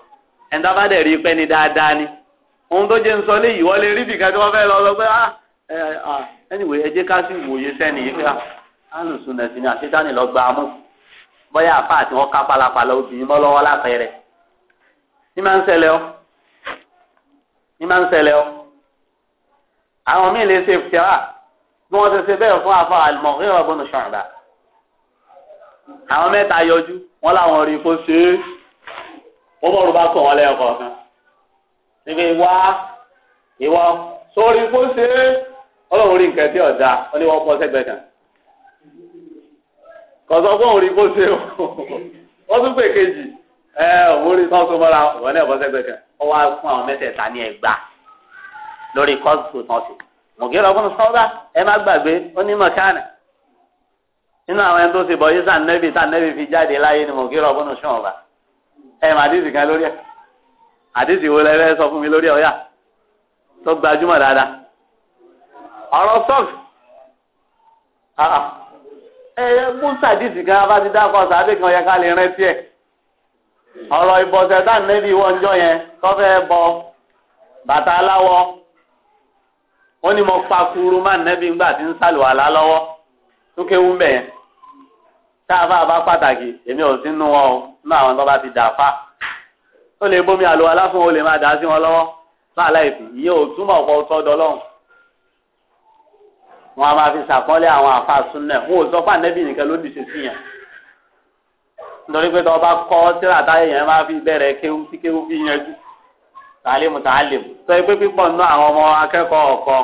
[SPEAKER 1] ẹni tó bá dẹ̀ rí pẹ́ ni dáadáa ni ohun tó jẹ́ ń sọ léyìí wọ́n lè rí bìkan tí wọ́n fẹ́ lọ lọ pé ah, ẹnìwé ẹ jẹ́ ká sì wòye sẹ́ni yìí pé alùsùn ah, nẹ̀sìn ni àṣetánì lọ gba amú bóyá àfa àti wọn ká palapala obìnrin mọ́ lọ́wọ́ lápẹẹrẹ ní máa ń ṣẹlẹ̀ ọ́ ní máa ń ṣẹlẹ̀ ọ́ àwọn míì lè ṣe fìtẹ́wà bí wọ́n ti ṣe bẹ́ẹ̀ fún àfa àlùmọ̀ọ́rẹ́ ọ̀bọ̀n ṣọ̀rọ̀ àwọn mẹ́ta yọjú wọ́n láwọn rí kó ṣe é ó bọ̀rù bá kàn wọ́n lẹ́yìn kọ̀ọ̀kan níbi wá ìwọ sórí kó ṣe é ọlọ́run rí nǹkan tí ọ̀dà ó ní wọ́n pọ̀ sẹ́gbẹ̀ẹ́ kan kọ̀sọ́ fún òun rí kó ṣe ó tún pè kejì ẹ òun rí sọ́ọ̀sọ́ mọ́ra òun náà bọ́ sẹ́gbẹ̀ẹ́ kan ó wá fún àwọn mẹ́tẹ̀ẹ̀ta ní ẹgbàá lórí kọ́ọ̀sì tó tán sí mọ̀gẹ́rọ̀ fún sọ́ọ́dà ẹ má gbàgbé ó ní mọ̀kánà nínú àwọn ẹni tó ti bọ̀ yíṣà nẹ́bì tá nẹ́bì fi jáde láyé ni mo kí rọ̀bù nù sùn ọ̀bà ẹ̀ mà àdìsí kan lórí ẹ̀ àdìsí wo lẹ́rẹ́ sọ fún mi lórí ọ̀yà tó gbajúmọ̀ dáadáa ọ̀rọ̀ sọ́ọ̀kì ah, ah. ẹ musa àdìsí kan a bá ti dákọ̀ sàbẹ̀ kan yẹ ká lè rántí ẹ̀ ọ̀rọ̀ ìbọ̀sẹ̀ tá nẹ́bì wọ́njọ́ yẹn tó fẹ́ bọ bàtà aláwọ̀ ó ní mo pa kuru má nẹ́bì ńgbà tí ń sàlùwàlá lọ́wọ́ súnkéwú mbẹ yẹn tá a fà bá pàtàkì èmi ò sí nù wọn o nínú àwọn tó bá ti dà fà ó lè bómi àlùwà láfún o lè máa dà á sí wọn lọ́wọ́ láàlá ìfì ìyẹn ò túmọ̀ ọ̀pọ̀ sọ́dọ̀ lọ́hùn wọn a máa fi sàpọ́nlé àwọn àfa súnlẹ̀ wọn ò sọ fún ànẹ́bì nìkan ló dìṣe sí yẹn nítorí pé tọ́ ọba kọ́ tíra táyé yẹn máa fi bẹ̀rẹ̀ kéwú tí kéwú fi yanjú tàlímù tàlímù sọ pé pípọ̀ nínú àwọn ọmọ akẹ́kọ̀ọ́ ọ̀kọ́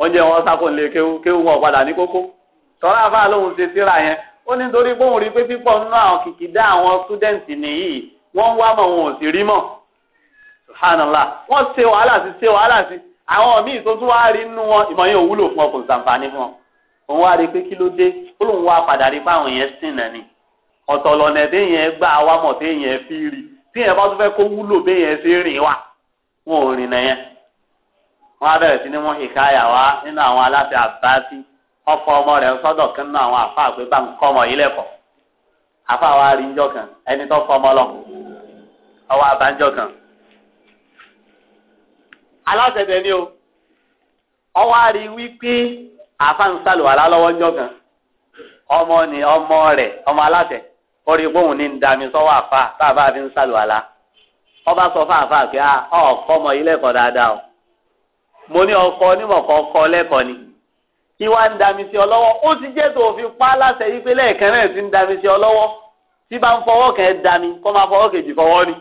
[SPEAKER 1] oúnjẹ wọn sákò lè kéwú kéwú wọn padà ní kókó tọ́lá àfáà lòun ṣe síra yẹn ó ní torí bóun rí pé pípọ̀ nínú àwọn kìkìdá àwọn túdẹ̀ǹtì nìyí wọ́n wá mọ̀ wọn ò sì rí mọ̀ subhanallah wọ́n ṣe wàhálà sí ṣe wàhálà sí àwọn míì tó tún wá rí nínú wọn ìmọ̀ yẹn ò wúlò fún ọ kò ṣàǹfààní fún ọ òun wá rí pé kí ló dé ó lóun wá padà rí pé àwọn yẹn sìn náà ni ọ̀tọ̀ lọ́nà téèyàn gbà wá mọ̀ téèyàn fi rí téèyàn bá tún fẹ́ kó wúlò béèyàn ṣe rìn wá wọn ò rìn náà yẹn wọ́n á bẹ̀rẹ̀ sí ní wọ́n ìkáyà wá nínú àwọn aláṣẹ àbáṣí ọkọ ọmọ rẹ sọ́dọ̀ kan àwọn àfa àgbẹ̀ bá ń ọmọ yìí àfa wa rí kan ẹni tó ọmọ lọ ọwọ abánjọ́ kan. aláṣẹ̀dẹ̀ ni o ọwọ́ àrí wípé àfa ń sàlùwàlá lọ́wọ́ njọ kan ọmọ ni ọmọ rẹ ọmọ aláṣẹ orí gbóhùn ní àfa ọba sọ fún àfa ah, ọkọ ọmọ yìí dáadáa o mo ní ọkọ ọkọ ni. tí wàá ń dami sí ọ lọ́wọ́ ó ti jẹ́ tó fi pa láṣẹ yí pé lẹ́ẹ̀kan náà ti ń dami sí ọ lọ́wọ́ tí bá ń fọwọ́ kẹ́ ẹ dami kó máa fọwọ́ kejì fọwọ́ ni.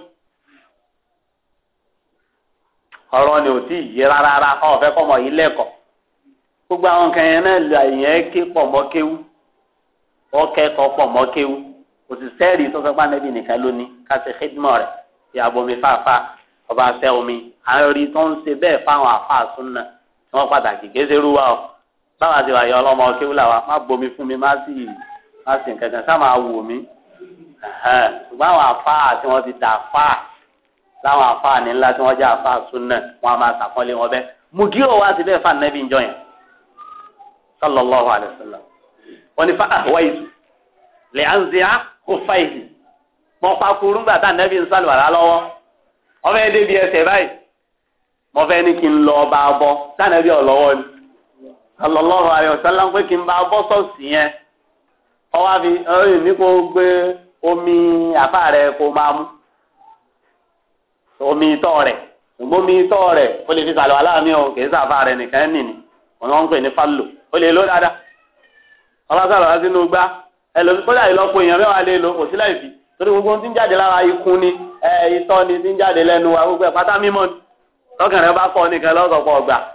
[SPEAKER 1] ọ̀rọ̀ ni ò tí ì yé rárá rárá ọ̀ fẹ́ kọ́mọ yìí lẹ́kọ̀ọ́ gbogbo àwọn kan yẹn náà lè yẹn ké pọ̀ mọ́ kéwú ọ̀kẹ́kọ̀ọ́ pọ̀ mọ́ kéwú òṣìṣẹ́ rí tó fẹ́ pa nẹ́bí nìkan lónìí káṣí xidmọ̀ rẹ̀ ti abomi fáfá ọba aṣẹ́ omi àwọn rí tó ń ṣe bẹ́ẹ̀ fáwọn àfa àsúnà tí wọ́n pàtàkì kéṣerú wa ọ̀ báwa ti wà yọ ọlọ́mọ kéwú là wa má bomi fún mi má sì má sì nǹkan kan máa wò mí ṣùgbọ́n àwọn àfáà tí wọ́n ti dà fáà láwọn àfáà ní ńlá tí wọ́n jẹ́ àfáà súnà wọn a máa sàkọ́lé wọn bẹ́ẹ̀ mugiro wa ti bẹ́ẹ̀ fáà nẹ́bí ìjọ yẹn sallallahu alayhi wa sallam wọn ni fa àwa ìtù lè à ń zi á kó fa mọ pa kuru ńgbà tá nẹ́bí ń sálùwàlá lọ́wọ́ ọmọ ẹ̀ débi ẹsẹ̀ báyìí mọ fẹ́ ní kí n lọ ọba bọ́ tá nẹ́bí ọ̀ lọ́wọ́ ni.
[SPEAKER 2] sallallahu alayhi wa sallam pé
[SPEAKER 1] kí n bá bọ́ sọ́ọ̀sì yẹn ọwọ́ àfi ẹ̀yìn ní kó gbé omi àfa omi itọ́ omi itọ́ ó lè fi aláàmì kì í nìkan nìní wọn ń pè ní fálò ó lè dáadáa ọba wá sínú gbá kó lọ́pọ̀ èèyàn mẹ́wàá lè kò sí gbogbo ohun tí ń jáde lára ni ni ń jáde lẹ́nu wa gbogbo ẹ̀ pátá mímọ́ ni lọ́kàn bá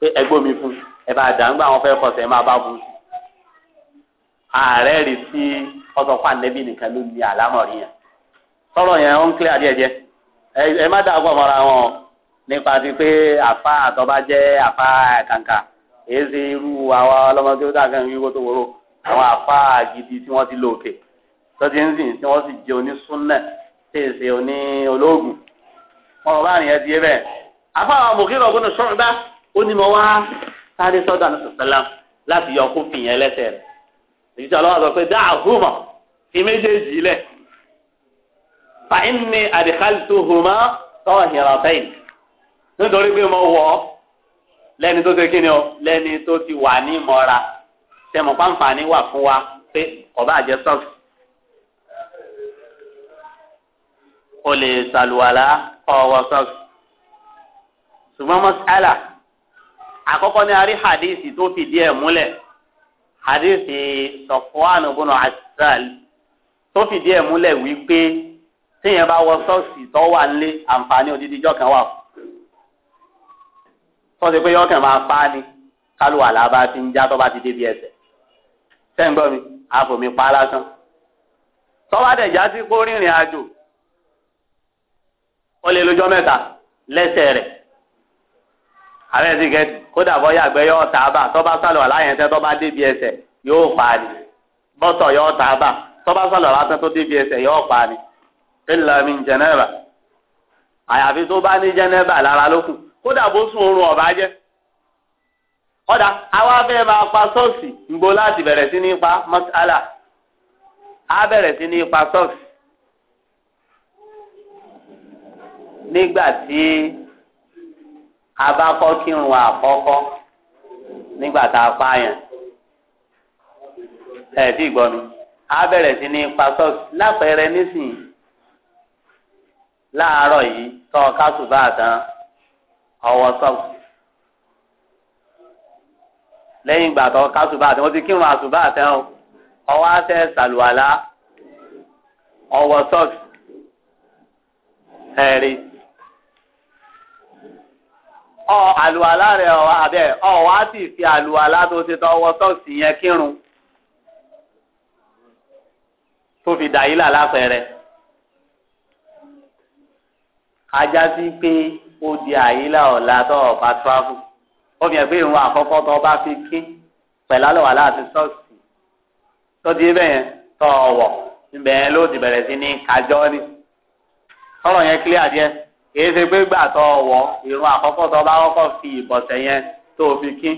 [SPEAKER 1] pé ẹgbẹ́ mi fún ẹ bá dà ń gbà wọn fẹ́ kọsẹ̀ ẹ máa bá fún ààrẹ rè sí ọsọfà nẹ́bí nìkan ló ní àlámọ̀rí yẹn sọ̀rọ̀ yẹn ó ń kílẹ̀ àdíẹ̀ jẹ ẹ má dàgbọ́ mọ́ra wọn nípa ti pé àfa àtọ́ba jẹ́ àfa kàǹkà èyí ṣe irú àwa ọlọ́mọdé ó dàgbà ń wíwó tó wúro àwọn àfa gidi tí wọ́n ti lò òkè tọ́jú ń sìn tí wọ́n sì jẹ́ onísúnnà tí ì ṣe oní olóògùn wọn ò bá rìn ẹ́ ti yé bẹ́ẹ̀ àfa àwọn mòkìrọ̀ gbọ́dọ̀ sọ̀rọ̀ bá ó ní mo wá sáré sọ́dọ̀ àná sọ̀tẹ́lá láti yọ kó fìyẹn lẹ́sẹ̀ rẹ̀ èyí tí ọlọ́wọ́ sọ pé dá àhùmọ̀ fi méjèèjì lẹ̀ fa inni àdìkálítùhùmá tọ́wọ̀ hìrọ̀tẹ́yìn nítorí pé mo wọ̀ ọ́ tó ṣe kí ni o lẹ́ni tó ti wà ní mọ́ra tẹ̀mọ̀ pàǹfààní wà fún wa pé ọba àjẹ sọ́ọ̀sì o lè sàlùwàlá ọwọ́ sọ́ọ̀sì ṣùgbọ́n mọ́sálà àkọ́kọ́ ní arí hadithi tó fìdí ẹ̀ múlẹ̀ hadithi sọ̀fọ́ánù bùnú àtìsàl tó fìdí ẹ̀ múlẹ̀ wípé tíyẹn bá wọ sọ́ọ̀sì tó wà nílé àǹfààní odidi ijọ́ kan wà fún sọ́ọ̀sì pé yọ̀ọ̀kan máa pa á ni kálùwà làbá ti ń já tó bá ti débi ẹsẹ̀ sẹ́ǹgbọ́n mi àfòmí pa lásán tọ́wá dẹ̀ já kó rìnrìn àjò ó lè lójọ́ mẹ́ta lẹ́sẹ̀ rẹ̀ ààrẹ ti kẹ kódà yọ tọba tọ́ba sálọ̀ aláyẹ̀ntẹ́ tọba débi ẹsẹ̀ yóò pa ni yọ tààbà tọba salọ aláyẹ̀ntẹ́ tó débi ẹsẹ̀ yóò pa ni jẹnẹba àyàfi tó bá ní jẹnẹba lára lókù kódà bó sùn oorun ọ̀bá kódà àwa máa pa ńgbó láti sí abakọ kírun àkọ́kọ́ nígbà tá a pààyàn ẹ ti gbọ́ mi a bẹ̀rẹ̀ sí ní pasọs lápẹẹrẹ nísìnyí láàárọ̀ yìí tọ kásùbà tán ọwọ́ sọọsì lẹ́yìn ìgbà tọ kásùbà tán wọ́n ti kírun àsùbà tán o ọwọ́ àtẹ sàlùwàlá ọwọ́ sọọsì ẹ rí i ọ àlùwàlá rẹ ọ abẹ ọ wá sì fi àlùwàlá tó ṣe tọwọ sọọsì yẹn kírun tó fi dà yìí là lápẹẹrẹ ajá sí pé ó di àyílà ọ̀la tó ọba tíráfù ó fi hàn pé ìrun àkọ́kọ́ tó ọba fi kí pẹ̀lú àlùwàlá àti sọ́ọ̀sì tó di ibẹ̀ yẹn tó ọwọ̀ ibẹ̀ yẹn ló ti bẹ̀rẹ̀ sí ní kájọ́ ni ọ̀rọ̀ yẹn kílíà díẹ̀ kìí ṣe pé gbà tó wọ irun àkọ́kọ́ tó bá kọ́kọ́ fi ìbọ̀sẹ̀ yẹn tó fi kí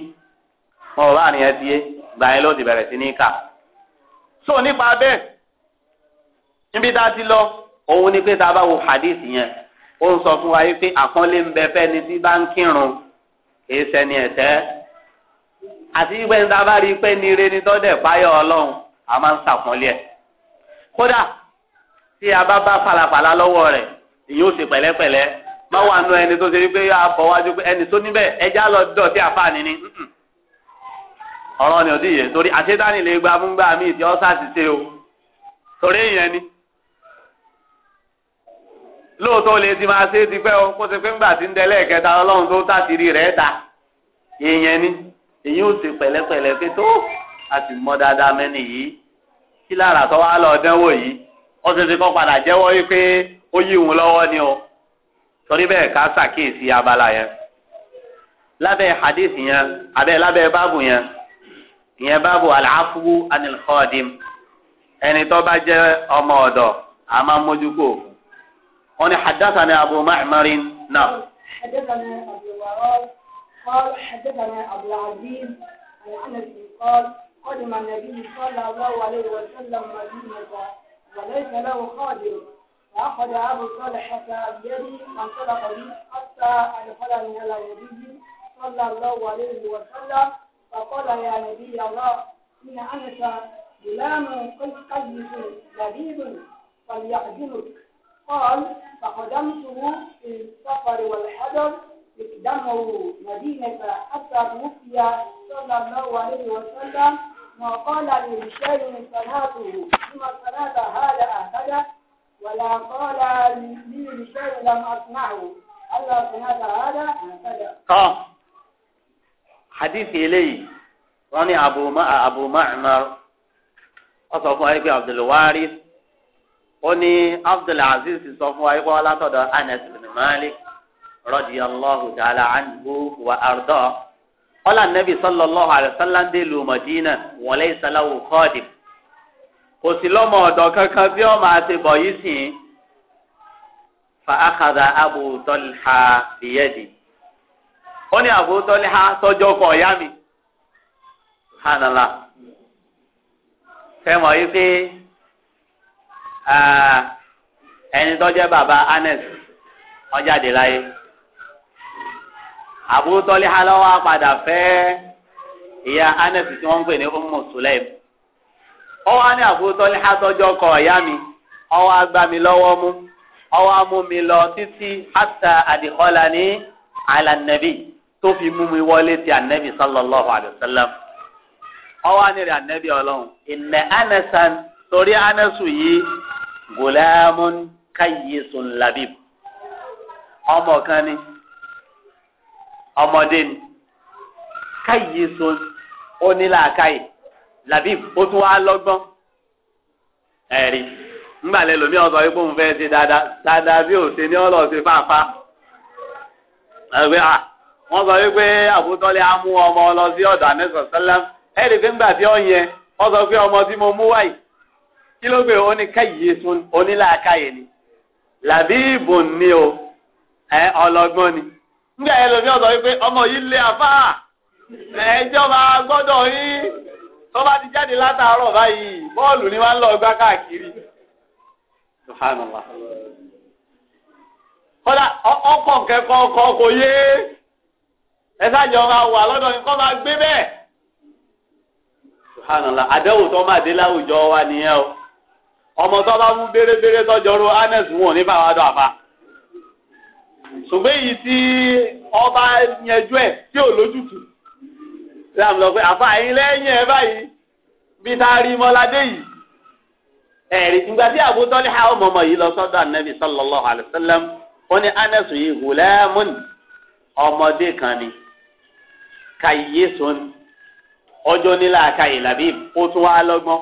[SPEAKER 1] wọn ò bá nìyẹn tiẹ̀ gbà yẹn ló ti bẹ̀rẹ̀ sí ní kà. so nípa bẹ́ẹ̀ níbi tá a ti lọ òun ni pé tá a bá wo hadith yẹn ó ń sọ fún wa pé àpọ́nlé ń bẹ fẹ́ni tí bá ń kírun kìí ṣẹni ẹ̀tẹ́ àti ìgbẹ́ ní tá a bá rí i pé ní ire ni tó dẹ̀ báyọ̀ ọlọ́run a máa ń ṣàpọ́nlé ẹ̀ kódà tí a bá bá falafala lọ́wọ́ rẹ̀ ìyẹn ó ṣe pẹ̀lẹ́pẹ̀lẹ́ má wà nù ẹni tó ṣe wípé yóò wájú pé ẹni tó níbẹ̀ ẹja lọ dọ̀tí àfààní ni ọ̀rọ̀ ni òdì yẹ torí àṣetánì lè gba fún o torí ìyẹn ni lóòótọ́ lè ti máa ti pẹ́ o kó ṣe pé ńgbà tí ń ta ìyẹn ni ò pẹ̀lẹ́pẹ̀lẹ́ pé tó a sì mọ dáadáa mẹ́ni yìí kí lára tó wá lọ yìí ó yí òun lọ́wọ́ ni o torí bẹ́ẹ̀ ká ṣàkíyèsí abala yẹn lábẹ́ hadith yẹn abẹ́ lábẹ́ báàbù yẹn ìyẹn báàbù al-afwu anil khadim ẹni tó bá jẹ́ ọmọ ọ̀dọ̀ a máa mójú kó òfin wọn ni haddathana abu ma'marin náà.
[SPEAKER 2] haddathana abu warar qala haddathana abu aziz anas qala qadima an-nabiy sallallahu alayhi أخذ أبو طلحة بيدي فانطلق بي حتى أدخلني على النبي صلى الله عليه وسلم فقال يا نبي الله إن أنس غلام قيس لبيب فليقدمك قال فقدمته في السفر والحجر اقدمه مدينة حتى توفي صلى الله عليه وسلم وقال لهشام صلاته ثم صلاة هذا أهدى ولا قال لي شيء لم أسمعه الله سبحانه هذا
[SPEAKER 1] صدق حديث إليه wọ́n أبو abu أبو معمر ma'mar wọ́n عبد الوارث wa pé abdulwari ó ní abdulaziz sọ fún wa pé wọ́n látọ̀dọ̀ anas bin malik radiyallahu ta'ala anhu wa arda wọ́n là nẹ́bí sallallahu alayhi wa sallam dé madina wa laysa lahu kò sí lọ́mọ ọ̀dọ̀ kankan bí wọ́n máa ṣe bọ̀ yìí sìn fa akada abu tọ́lá bìyẹ́dì ó ní abu tọ́lá sọ́jọ́ kọ̀ ọ̀yá mi hànàlá fẹ́mọ̀ yìí pé ẹni tó bàbá anes wọ́n jáde láyé abu tọ́lá lọ́wọ́ padà fẹ́ ìyá anes tí wọ́n ń pè ní Ummu Sulaim ọwọ́ á ní àfótọ́ ní hátọ́jọ́ kọ ọ̀yá mi ọwọ́ á gbá mi lọ́wọ́ mú ọwọ́ á mú mi lọ títí àtà àdìkọ́lá ní àlànàbì tó fi mú mi wọlé ti ànàbì sallallahu alayhi wa sallam ọwọ́ á ní rẹ̀ ànàbì ọlọ́run ìnà anasan torí anasu yìí gùlámùn káyésun labib ọmọ kan ni ọmọdé ni káyésun ó ní làákàyè labib ó tún wá lọ́gbọ́n ẹ̀rí ńgbà lẹ lómi ọ̀sán wípé òun fẹ́ ṣe dáadáa dáadáa bí òun ṣe ní ọ̀lọ́ ṣe fàáfà wọ́n sọ wípé àbútọ́lé á mú ọmọ lọ sí ọ̀dọ̀ àmẹ́sàn sẹ́lẹ̀m ẹ̀rí pé ńgbà tí ọ̀yẹn wọ́n sọ pé ọmọ tí mo mú wáyì kí ló gbé oníkẹ́yìí sun onílàákàyè ni làbíbù ni o ẹ ọlọ́gbọ́n ni ńgbà yẹn lómi ọ̀sán wípé ọmọ yìí lé afá ẹjọba gbọ́dọ̀ yín. tó bá ti jáde látàárọ̀ báyìí bọ́ọ̀lù ni wọ́n lọ gbá káàkiri. ọkọ̀ kẹ́kọ̀ọ́ kò yé ẹ sáàjọ máa wà lọ́dọ̀ ni kó máa gbé bẹ́ẹ̀. àdéhùn tó máa dé láwùjọ wa nìyẹn o ọmọ tó bá mú bérebére tọjọ ro anes wọn ní báwa dọ àfa ṣùgbọ́n èyí tí ọba ẹ̀ tí ò lójútùú. islam lọ pé àfa ẹ̀yin lẹ́yìn ẹ̀ báyìí bí tá a rí mọ́ládé yìí ẹ̀rí ìgbà tí Abu Talha ọmọ ọmọ yìí lọ sọ́dọ̀ anabi sallallahu alayhi wa sallam wọ́n ní Anas yìí gùlẹ́mùn ọmọdé kan ni kàyéṣon ọjọ́ nílà kàyé labib ó tún lọ́gbọ́n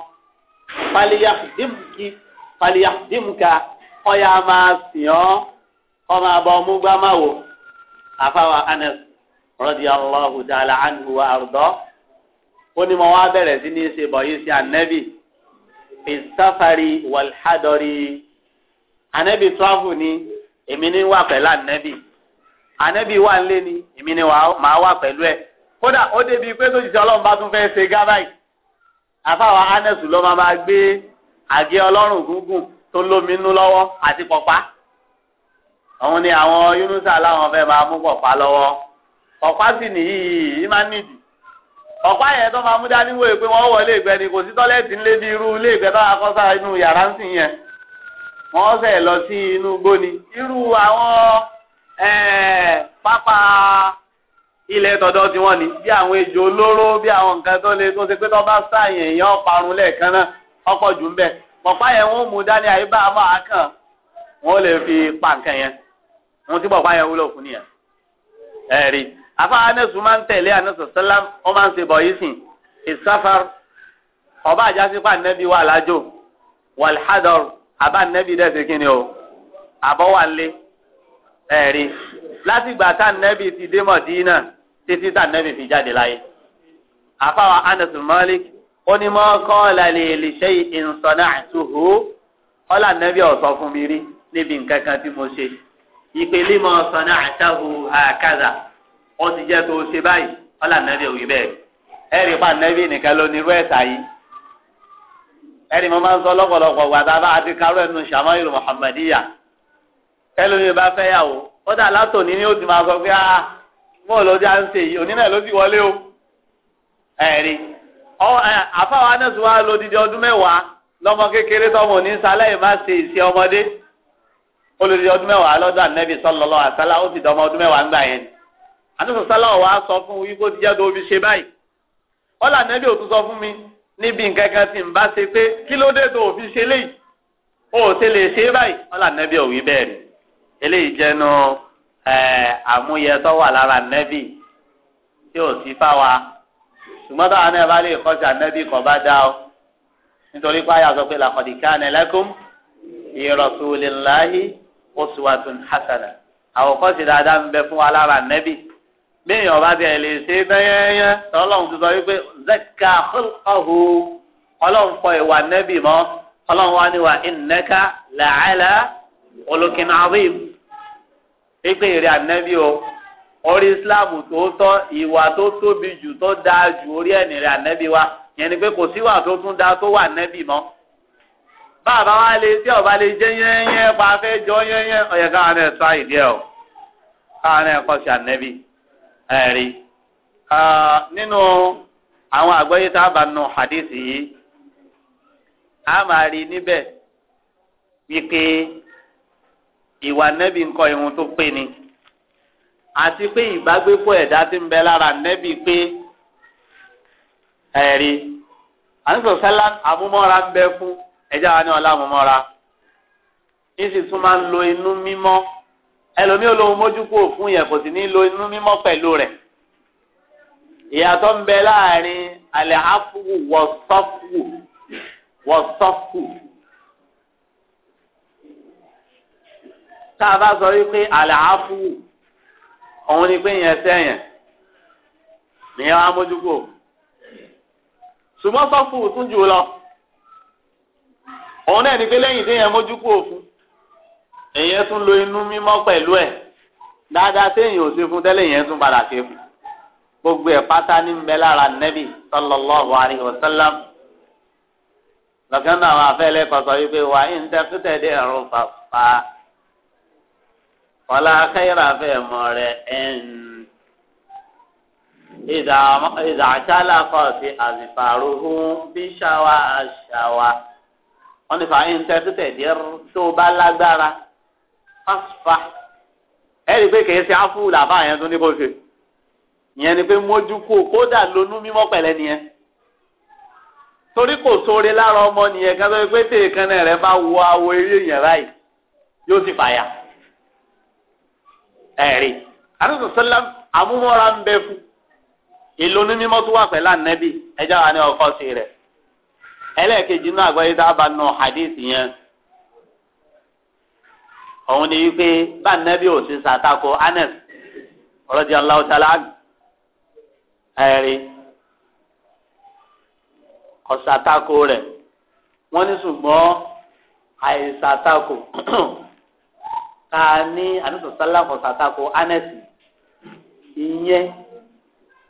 [SPEAKER 1] faliyahidimki ọ̀yà máa sìn ọ́ ọmọ àbọ̀ ọmú gbá máa wò radiyallahu ta'ala anhu wa arda ó ní mo wá bẹ̀rẹ̀ sí ní ṣe bọ̀yì sí ànẹ́bì ìsáfàrí wàlhádọ́rí ànẹ́bì tíráfù ni èmi ní wà pẹ̀lú ànẹ́bì ànẹ́bì wà nílé ni èmi ní màá wà pẹ̀lú ẹ̀ kódà ó débi pé tó ṣiṣẹ́ ọlọ́run bá tún fẹ́ ṣe gábàì àfàwọn anẹ́sù ló máa gbé àgé ọlọ́run gúngùn tó lómi nú lọ́wọ́ àti pọ̀pá àwọn ni àwọn Yunusa láwọn fẹ́ máa mú pọ̀pá lọ́wọ́. ọ̀pá sì nìyí ìmánìdì ọ̀pá yẹn tó ma mú dání wòye pé wọ́n wọlé ìgbẹ́ ni kò sí tọ́lẹ́ẹ̀tì ńlẹ́ bí irú ilé ìgbẹ́ tó inú yàrá ń sìn yẹn wọ́n sẹ̀ lọ sí inú gbóni irú àwọn pápá ilẹ̀ tọ̀dọ̀ tí wọ́n ní bí àwọn olóró bí àwọn nǹkan tó le tó ṣe pé bá pa nǹkan yẹn wọ́n ti pọ̀pá yẹn wúlò afa anẹsùn máa ń tẹ̀lé anẹsùn sẹlẹm ọ máa ń ṣe bọ̀ yìí sìn ìsáfàr ọba àjásí pa nẹbi wà lájò wàlhádọr àbá nẹbi dẹsẹ kínní o àbọwálé ẹ̀rí láti gbà tá nẹbi ti dé Mọdínà títí tá nẹbi fi jáde láyé afa wa anẹsùn Malik ó ní mọ́ kọ́ ṣe ìsọ̀nà àtúhù ọ̀là nẹ́bí ọ̀sọ́ fún mi rí níbi nǹkan kan mo ṣe ìpele mọ́ sọ̀nà àtàhù àkàdà ó ti jẹ́ tó o ṣe báyìí ọlà nàbí òye bẹ́ẹ̀ ẹ̀rí pa nàbí nìkan ló ní irú ẹ̀sà yìí ẹ̀rí mo máa ń sọ lọ́pọ̀lọpọ̀ wàtá bá a ti ẹnu sàmáyìlú muhammadiya ẹlòmíì bá fẹ́ yà wò ó dà ah, ń ṣe yìí òní náà ló wọlé o àfáwọn anẹ́sùn wa lo ọdún mẹ́wàá lọ́mọ kékeré tọmọ ní sálẹ̀ àníṣe sálà wa sọ fún wí kó ti jáde omi ṣe báyìí ọlà nẹbí òtún sọ fún mi níbi nǹkan kan tí n bá ṣe pé kí ló dé tó òfin ṣe léyìí ó ṣe lè ṣe báyìí ọlà nẹbí òwí bẹ́ẹ̀ ni eléyìí jẹnu àmúyẹ tó wà lára nẹbí tí ò sí fáwa ṣùgbọ́n táwọn náà bá lè kọ́sí ànẹ́bí kan bá dá o nítorí pé àyà sọ pé laqad kana lakum fi rasulillahi uswatun hasana àwòkọ́sí dáadáa ń bẹ fún wa lára nẹ́bí bẹ́ẹ̀ ọba tẹ̀ lè ṣe bẹ́yẹ́yẹ́ ọlọ́run ti sọ wípé zaka ọ̀hù ọlọ́run fọ ìwà nẹ́bì mọ́ ọlọ́run wá ní wa ìnẹ́ka làálà olùkìnnà àbíb pípé ìrẹ́ ànẹ́bì o orí ìsìláàmù tó tọ́ ìwà tó tóbi jù tó dáa jù orí ẹ̀nì rẹ̀ ànẹ́bì wa yẹn ni pé kò síwà tó tún dáa tó wà nẹ́bì mọ́ bàbá wa lè tí ọba lè jẹ́ yẹ́yẹ́ pa fẹ́ jọ yẹ́yẹ́ ọ̀yẹ̀ká wa náà sọ àìdíẹ̀ o káwa náà kọ́ sí ànẹ́bì. ẹ̀rí nínú àwọn àgbọ́yé tá a bá nu hadith yìí a máa rí níbẹ̀ wípé ìwà nẹ́bí ńkọ́ irun tó pé ni àti pé ìbágbépọ̀ ẹ̀dá ti ń bẹ lára nẹ́bí pé ẹ̀rí àníṣe sẹ́lá àmúmọ́ra ń bẹ fún ẹ̀já wa ní àmúmọ́ra sì tún máa ń lo inú mímọ́ ẹlòmíì olóhùn mójúkó fún yẹn kò sì ní lo inú mímọ́ pẹ̀lú rẹ̀ ìyàtọ̀ ń bẹ láàrin alẹ́ afuwu wọ́sọ́fù wọ́sọ́fù tá a bá sọ wípé alẹ́ afuwu òun ni pé yẹn sẹ́yìn nìyẹn wàá mójúkó ṣùgbọ́n sọ́fù tún jù lọ òun náà ni pé lẹ́yìn tí yẹn mójúkó fún èyàn tún lo inú mímọ́ pẹ̀lú ẹ̀ dáadáa téèyàn ò ṣe fún tẹ́lẹ̀ yẹn tún padà ṣe fún gbogbo ẹ̀ pátá ní nbẹ lára nẹ́bì sallallahu alaihi wasallam lọ́kàn náà àwọn afẹ́lẹ́ kọ̀sọ́ wípé wà á ń tẹ́kítẹ́ dé ẹ̀rọ fàfà kọ́lá kẹ́yìnrà fẹ́ mọ́ rẹ̀ ẹ̀ǹ ìdàkálà kọ́ sí àzìfàrúhù bí ṣáwa àṣàwà wọ́n ní fà ń tẹ́kítẹ́ dé tó bá lágbára fásfà ẹ̀rí pé kìí ṣe áfù làbá yẹn tó ní kó ṣe ìyẹn ni pé mójú kó kódà lónú mímọ́ pẹ̀lẹ́ nìyẹn torí kò sóore lára ọmọ nìyẹn kan tó ṣe pé tèè kan náà rẹ bá wo awo eré yẹn báyìí yóò sì fàyà ẹ̀rí àdúgbò sọlá àmúmọ́ra ń bẹ fún ìlónú mímọ́ tó wà pẹ̀lú ànẹ́bì ẹjọ́ wa ní ọkọ̀ sí rẹ̀ ẹlẹ́ẹ̀kejì náà àgbáyé dábàá nù hadith yẹn òun ni wípé bá nẹ́bí ò sí sàtakò Anas ọlọ́dí aláwọ̀tálá ẹ̀rí ọ̀sàtakò rẹ̀ wọ́n ní ṣùgbọ́n àìsàtakò ta ní àdúsọ̀sálà ọ̀sàtakò Anas ìyẹn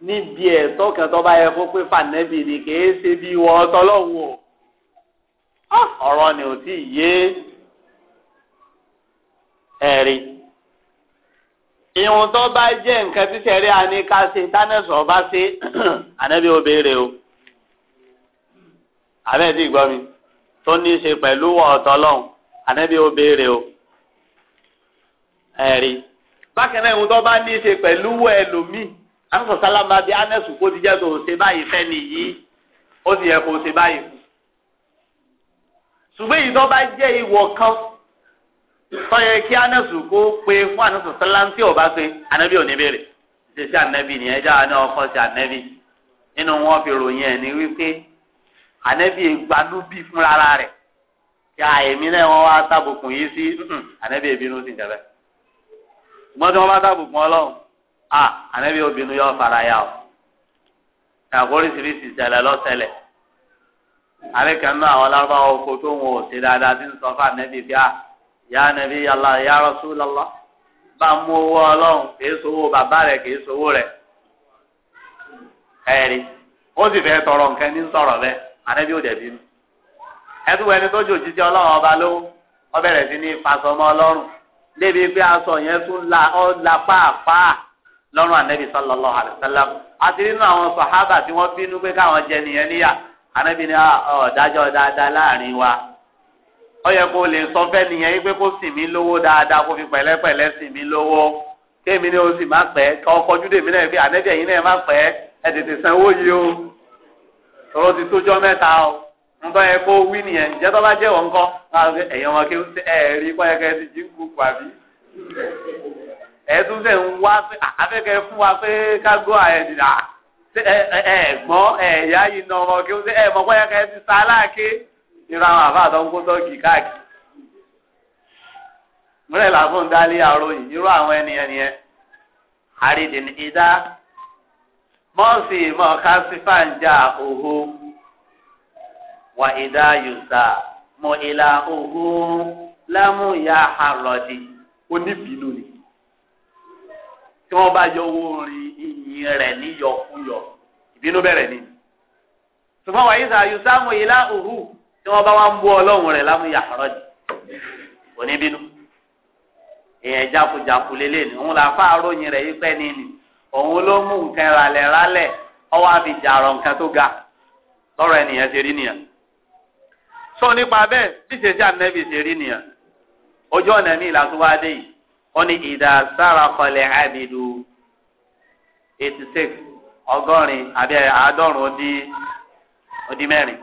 [SPEAKER 1] níbi ẹ̀tọ́ kan tó bá yẹ kó pé fànẹ́bì ni kì í ṣe bí wọ́n tọ́lọ́wọ́ ah, ọ̀rọ̀ ni ò tí ì yé ẹ̀rí ìhun tó bá jẹ́ nǹkan tí sẹ́rí àní ká ṣe tánẹ̀sọ̀ bá ṣe ànábì ó béèrè o àbẹ́ ti gbọ́ mi tó ní í ṣe pẹ̀lú ọ̀tọ̀ lọ́hùn ànábì ó béèrè o ẹ̀rí bákan náà ìhun tó bá ní í ṣe pẹ̀lú ẹlòmíì anásọ̀ sálámà bíi anẹ́sù kó ti jẹ́ tó ṣe báyìí fẹ́ nìyí ó sì yẹ kó ṣe báyìí ṣùgbọ́n ìdọ́ bá jẹ́ ìwọ̀ kan. tọ́yẹ kí anẹ́sù kó pe fún anẹ́sù sẹ́láńtì ọba pé anẹ́bí ò ní béèrè ṣe sí anẹ́bí ni ọkọ ṣe anabi nínú wọn fi ròyìn ẹ̀ ní wípé anẹ́bí gbanú bí fúnra rẹ yà èmi náà wọn wá sábùkún yìí sí anẹ́bí ìbínú ṣùgbọ́n tí wọ́n bá sábùkún ọlọ́run fara ya o lọ́sẹ̀lẹ̀ àwọn tó wọn ò ṣe dáadáa ya nàbí Allah ya Rasulullah bá mú owó ọlọ́run kì í sowó bàbá rẹ̀ kì í sowó rẹ̀ ẹ̀rí ó sì fẹ́ tọrọ nǹkan ní sọ̀rọ̀ bẹ́ẹ̀ ànábì ò dẹ̀bi nu ẹni tó jò ọlọ́run ọba ló sí ní fasọmọ pé aṣọ yẹn tún la ọ la sallallahu àti nínú àwọn tí bínú pé káwọn jẹ nìyẹn níyà ah, wa. ọyẹ kó lè sọ fẹ́ nìyẹn yí pé kó sìn mí lówó dáadáa kó fi pẹ̀lẹ́pẹ̀lẹ́ sìn mí lówó kéèmí ni ó sì má pẹ́ ọkọjú dèmí náà fi ànẹ́bí ẹ̀yìn náà má pẹ́ ẹ tètè sanwó yìí o tòró ti tójọ́ mẹ́ta o ń bá yẹ kó wí nìyẹn ǹjẹ́ tó bá jẹ́ wọ́n kọ́ ẹ̀yàn wọn kí ẹ rí kọ́ ẹ̀kẹ́ ti jí gbogbo àbí ẹ̀ẹ́dún sẹ̀ ń wá afẹ́kẹ́ fún wa pé ká gbọ́ ẹ̀ẹ́dìdà ẹ̀ẹ́gbọ́n ẹ̀ẹ́yá yìí nà ọmọ kí ẹ mọ̀ kọ́ ẹ̀kẹ́ ti sá aláàké ìran àwọn àbá àtọ́ ń kó tọ́ọ̀kì káàkiri múlẹ̀ làbọ̀ ń dálé àròyìn irú àwọn ènìyàn nìyẹn àrídìn ìdá mọ́ọ̀sì mọ́ọ̀ká sífà ń já òhó wà ìdá yòòsà mọ ìlà òhó lámúyà àròdì oníbìnú ni tí wọ́n bá yọ owó orin ìyìn rẹ̀ níyọkúyọ ìbínú bẹ̀rẹ̀ ni ṣùgbọ́n wà ìdá yòòsà mọ ìlà òhó. tí wọ́n bá wá ń bú rẹ̀ lámúyà ọ̀rọ̀ jù oníbínú èèyàn jákujàku ni òun làá fáàró yin rẹ̀ yípẹ́ ní òun ló mú nǹkan ralẹ̀ ralẹ̀ ọwọ́ àfi nǹkan tó ga lọrọ ẹnìyẹn ṣe rí nìyẹn sọ nípa bẹ́ẹ̀ bí ṣe ṣe ànẹ́bí ṣe rí nìyẹn ojú ọ̀nà mi yìí ní ìdá sára kọlẹ̀ àbìdù eighty six ọgọ́rin àbí àádọ́rùn-ún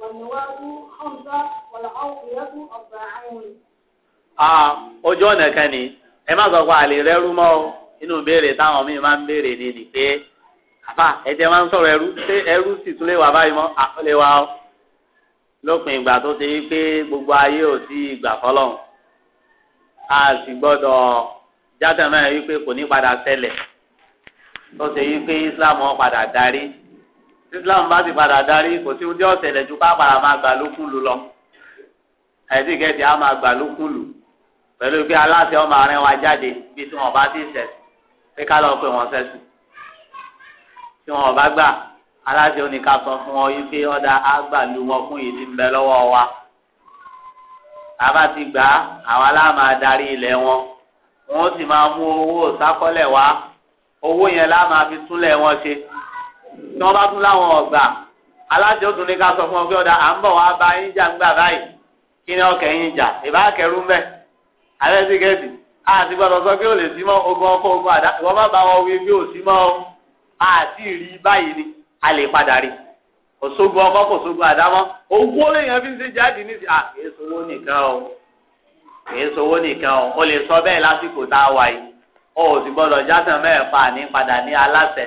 [SPEAKER 2] والنواة خمسة والعوقية أربعين.
[SPEAKER 1] آه ojú ọ̀nà kan ni ẹ má sọ pé àlè rẹ rú mọ́ ọ inú béèrè táwọn míì máa ń béèrè ni ni pé àbá ẹ̀jẹ̀ máa ń sọ̀rọ̀ ẹrú ṣé ẹrú sì tún lè wà báyìí mọ́ àfọlẹ́ wa ọ lópin ìgbà tó ṣe yí pé gbogbo ayé ò sí ìgbà fọlọ́hún a sì gbọ́dọ̀ jáde náà yí kò ní padà ṣẹlẹ̀ tó ṣe yí pé Islam wọn padà darí islam bá ti padà darí kò sí ojú ọ̀sẹ̀lẹ̀ ju pápá máa gbà lókun lù lọ àìsí kẹ́tì á máa gbà lókun lù pẹ̀lú pé aláṣẹ ọmọ àárín wa jáde bí tí wọn bá ti sẹ̀sì pé ká lọ pé wọn sẹ̀sì tí wọn bá gbà aláṣẹ oníka sọ fún ọ yìí pé ọ̀dà á gbà lù wọn fún yìí ti ń bẹ lọ́wọ́ wa àbá àwọn aláàmà darí ilẹ̀ wọn wọn sì máa mú owó sákọ́lẹ̀ wá owó yẹn lá fi túnlẹ̀ wọn ṣe tí wọ́n bá tún láwọn ọ̀gbà aláṣẹ ó tún ní ká sọ fún ọ pé ọ̀dà à ń bọ̀ wá bá yín jà ń gbà báyìí kí ni ọkẹ́ yín jà ìbá kẹrù mẹ́ alẹ́ sí gẹ̀ẹ́sì àti gbọ́dọ̀ sọ pé ó lè sí mọ́ ogun ọkọ̀ ogun àdá ìwọ́n má bá wọn wí bí ò sí mọ́ àti rí báyìí ni a lè padà rí òṣogbo ọkọ kò ṣogbo àdámọ́ owó lèèyàn fi ń ṣe jáde ní à kì í sowó nìkan o kì í sowó nìkan o o lè sọ bẹ́ẹ̀ lásìkò tá a wà yìí o ò sì gbọ́dọ̀ jásán mẹ́ẹ̀fà ní padà ní aláṣẹ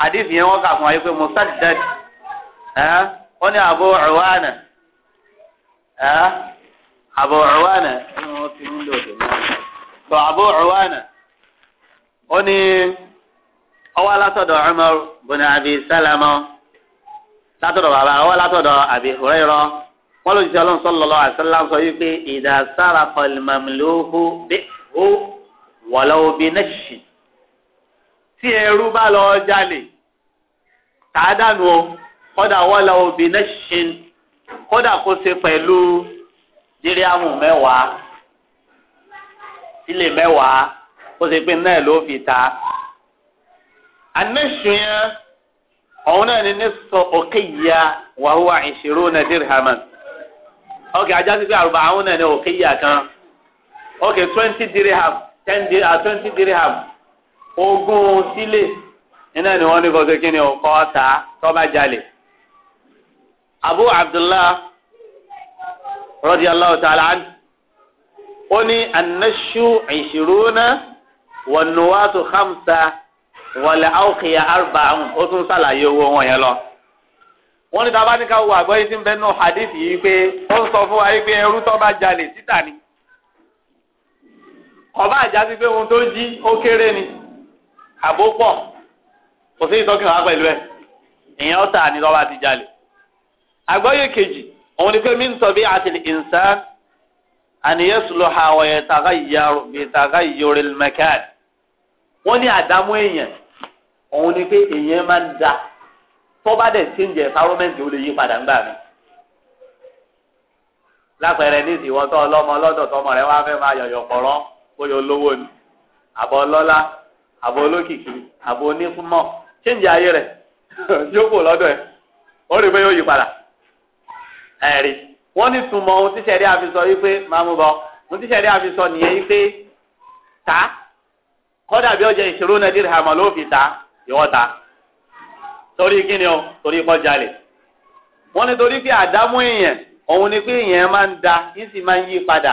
[SPEAKER 1] hadith yẹn wọ́n kà fún wa yìí pé musaddad wọ́n ní Abu Uwana Abu Uwana ni wọ́n ti ń lò dùn náà tó Abu Uwana ó ní ọwọ́ alátọ̀dọ̀ Umar bin Abi Salama látọ̀dọ̀ bàbá ọwọ́ alátọ̀dọ̀ Abi Hurayra wọ́n ló jẹ́ ọlọ́run sallallahu alaihi wasallam sọ wípé idha saraqa al-mamluku bi'hu walaw bi nashshi tí ẹrú bá lọ jalè tàádánù o kódà wọ́n lọ obì náà ṣe kódà kó ṣe pẹ̀lú díríàmù mẹ́wàá ilé mẹ́wàá kó ṣe pé náà ló fi ta. anáṣu yẹn òun náà ni ní sọ òkè yíya wàhùwà ìṣirò náà dirhaman ok ajá pé àrùbá àwọn náà ni òkè yíya kan ok twenty dirham ten dirham ah, twenty dirham ogún sílè iná ni wọ́n ní kọ́ sí kíni ọkọ̀ ta tọ́ba jalè. abu abdullah radiyallahu ta'ala anhu ó ní anashu ìṣirúnà wọnúwàtú hamsa wọlé àwòkìyà arba'un ó tún sàlàyé owó wọn yẹn lọ. wọ́n ní tábà ní ká wo àgbọ̀yé tí ń bẹ nù hadith yìí pé ó ń sọ fún wa pé ẹrú tọ́ba jalè títà ni. ọba àjásí pé ohun tó jí ó kéré ni. àbó pọ̀ kò sí ìtọ́kì wá pẹ̀lú ẹ̀ ìyẹn ọ̀tá ni lọ́ba ti jalè. kejì òun ni pé mí ń sọ bí àti ìnsán àníyẹ́ sùlọ tàgá ìyòrè wọ́n ní àdámú èèyàn òun ni pé èèyàn máa ń da tọ́ba dẹ̀ ṣe ń jẹ ó lè yí padà ńgbà mi. rẹ wá fẹ́ máa yọ̀yọ̀ pọ̀rọ́ bóyá olówó ni àbọ̀ àbò olókìkí àbò onífúnmọ́ chíǹjì ayé rẹ̀ yóò kó lọ́dọ̀ ẹ̀ ó rí i pé yóò yí padà ẹ̀rí wọ́n ní túmọ̀ ohun tí sẹ́rí àfisọ yìí pé máa mú bọ̀ ohun tí sẹ́rí àfisọ nìyẹn yìí pé ta kọ́dà bí ọjà ìṣòro náà dìrì hàmọ́ ló fi ta ìwọ́ ta torí kíni o torí kọjá lè wọ́n ní torí pé àdámú èèyàn òun ni pé èèyàn máa ń da yìí sì máa ń yí padà.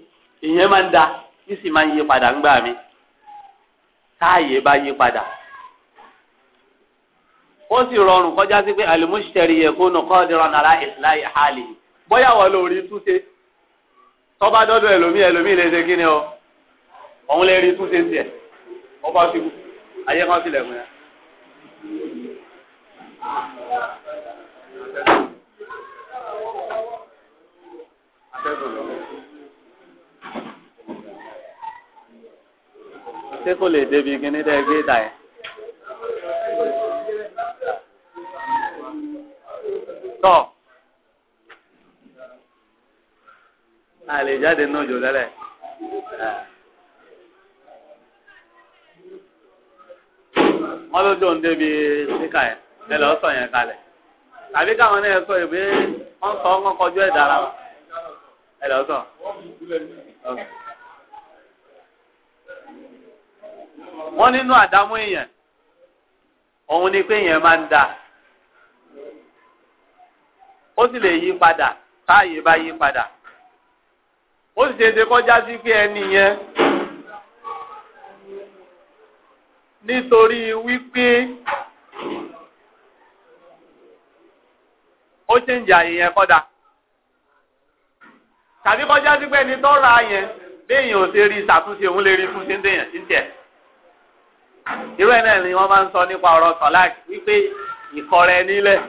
[SPEAKER 1] ìyẹn máa ń da yìí sì máa ń yí padà ńgbà mi táàyè bá yí padà ó sì rọrùn kọjá sí pé àlùmúṣẹ́rì yẹ kó nù kọ́ọ̀dìrán nàrà ìsìláyè hàlì bóyá wọ́n lórí túnṣe tọ́ba dọ́dọ̀ ẹlòmíì ẹlòmíì lè ṣe kí ni o òun lè rí túnṣe tiẹ̀ bá ti ayé ṣé kò lè débi kíní dẹ́ gbé ìta yẹn. tọ́ a lè jáde náà jò lẹ́lẹ̀. wọ́n ló dùn débi síkà yẹn ẹ lọ́ọ́ sọ yẹn kalẹ̀ tàbí káwọn náà sọ ìwé wọ́n ọsọ wọ́n nínú àdámọ́ èèyàn òun ni pé èèyàn máa ń da ó sì lè yí padà táàyè bá yí padà ó sì ṣeéṣe kọjá sí pé ẹni yẹn nítorí wípé ó ṣe ń jà yẹn kọ́dà tàbí kọjá sí pé ẹni tó ra yẹn béèyàn ò ṣe rí ṣàtúnṣe òun lè rí fún ṣéńdéyàn ṣíṣẹ́ irú ẹ̀ náà ni wọ́n máa ń sọ nípa ọ̀rọ̀ sọ̀láàkì wípé ìkọrẹ nílẹ̀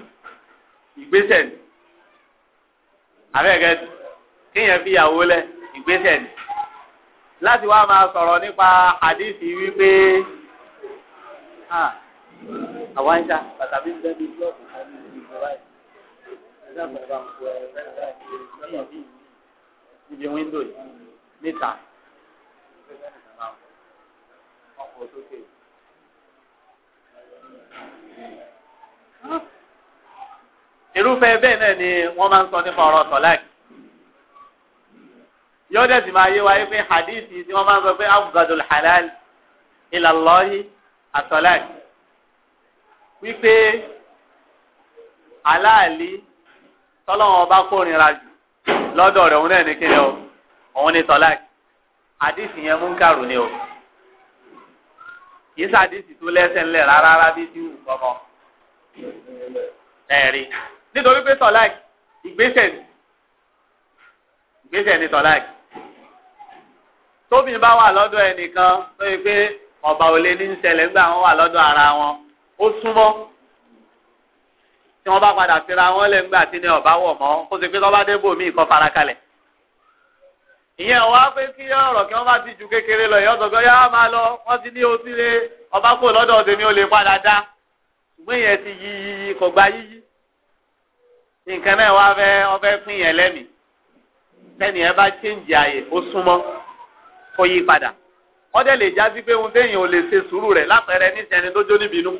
[SPEAKER 1] ìgbésẹ̀ ni àbẹ̀gẹ́ kéèyàn fi ìyàwó lẹ̀ ìgbésẹ̀ ni láti wá máa sọ̀rọ̀ nípa àdìsí wípé àwọn ìjà pàtàkì ń bẹ́ẹ̀ bí búlọ́ọ̀kì kan ní ìlú báyìí níbi wíńdò yìí níta ọkọ̀ sókè irúfẹ́ bẹ́ẹ̀ náà ni wọ́n máa ń sọ nípa ọ̀rọ̀ tọ̀láàkì yóò dẹ̀ sì máa yé wa yí pé hadithi tí wọ́n máa ń sọ pé abgadul halal ilallahi atọ́láàkì wípé aláàlí tọ́lọ́wọ́n bá kórìíra jù lọ́dọ̀ rẹ̀ òun náà ní kíni o òun ní tọ́láàkì hadithi yẹn mú ń kàrò ní o kì í sàdísì tó lẹ́sẹ̀ ńlẹ̀ rárá rárá bí
[SPEAKER 3] tí wù kọ́kọ́
[SPEAKER 1] ẹ̀rí nítorí pé tọ́láàkì ìgbésẹ̀ ni ìgbésẹ̀ ni tọ́láàkì tóbi bá wà lọ́dọ̀ ẹnìkan tó yẹ pé ọba ò lè ní í ṣẹlẹ̀ nígbà wọn wà lọ́dọ̀ ara wọn ó súnmọ́ tí wọ́n bá padà fira wọn lẹ̀ nígbà tí ni ọba wọ̀ mọ́ kó ṣe pé tọ́ bá dé bòmí ìkọ́ farakalẹ̀ ìyẹn wá pé kí ọ̀rọ̀ kí wọ́n bá ti ju kékeré lọ ìyọ́sọ̀gbọ́n yá máa lọ wọ́n ti ní oṣù lé ọba kò lọ́dọ̀ tèmi ò lè padà dá ṣùgbọ́n ìyẹn ti yí yíyí kò gba yíyí nǹkan náà wá fẹ́ ọfẹ́ pín yẹn lẹ́mìí tẹ́nì yẹn bá chéǹjì ààyè ó súnmọ́ kó yí padà wọ́n lè já pé ohun téèyàn ò lè ṣe sùúrù rẹ̀ lápẹẹrẹ níṣẹ́ ẹni tó jó níbínú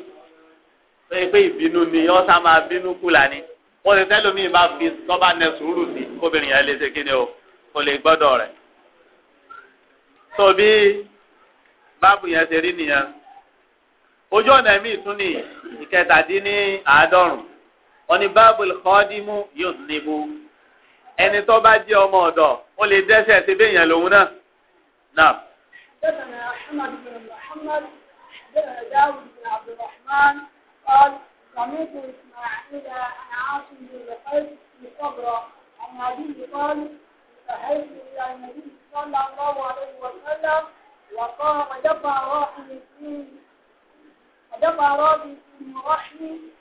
[SPEAKER 1] pé pé ìbínú ni wọ́n sá máa bínú kúlà ni wọ́n ti tẹ́lómi ìbá fi tọ́ba nẹ sùúrù sí obìnrin yẹn lè ṣe kí ni o kò lè gbọ́dọ̀ rẹ̀. tó báàbù yẹn ṣe rí nìyẹn ojú ọ̀nà mi tún ní ìkẹtàdínní àádọ́rùn wọn ni báàbùl kọ́ọ́dímù yóò níbu ẹni tó bá jẹ́ ọmọ ọ̀dọ̀ ó lè dẹ́ṣẹ̀ ti bẹ́ẹ̀ yẹn lòun náà. نعم
[SPEAKER 2] حدثنا احمد بن محمد حدثنا داوود بن عبد الرحمن قال سمعت اسماعيل عن عاصم بن لقيس في صبرة عن ابيه قال فهيت الى النبي صلى الله عليه وسلم وقام دفع راحل الدين
[SPEAKER 1] حدث راضي
[SPEAKER 2] بن رحم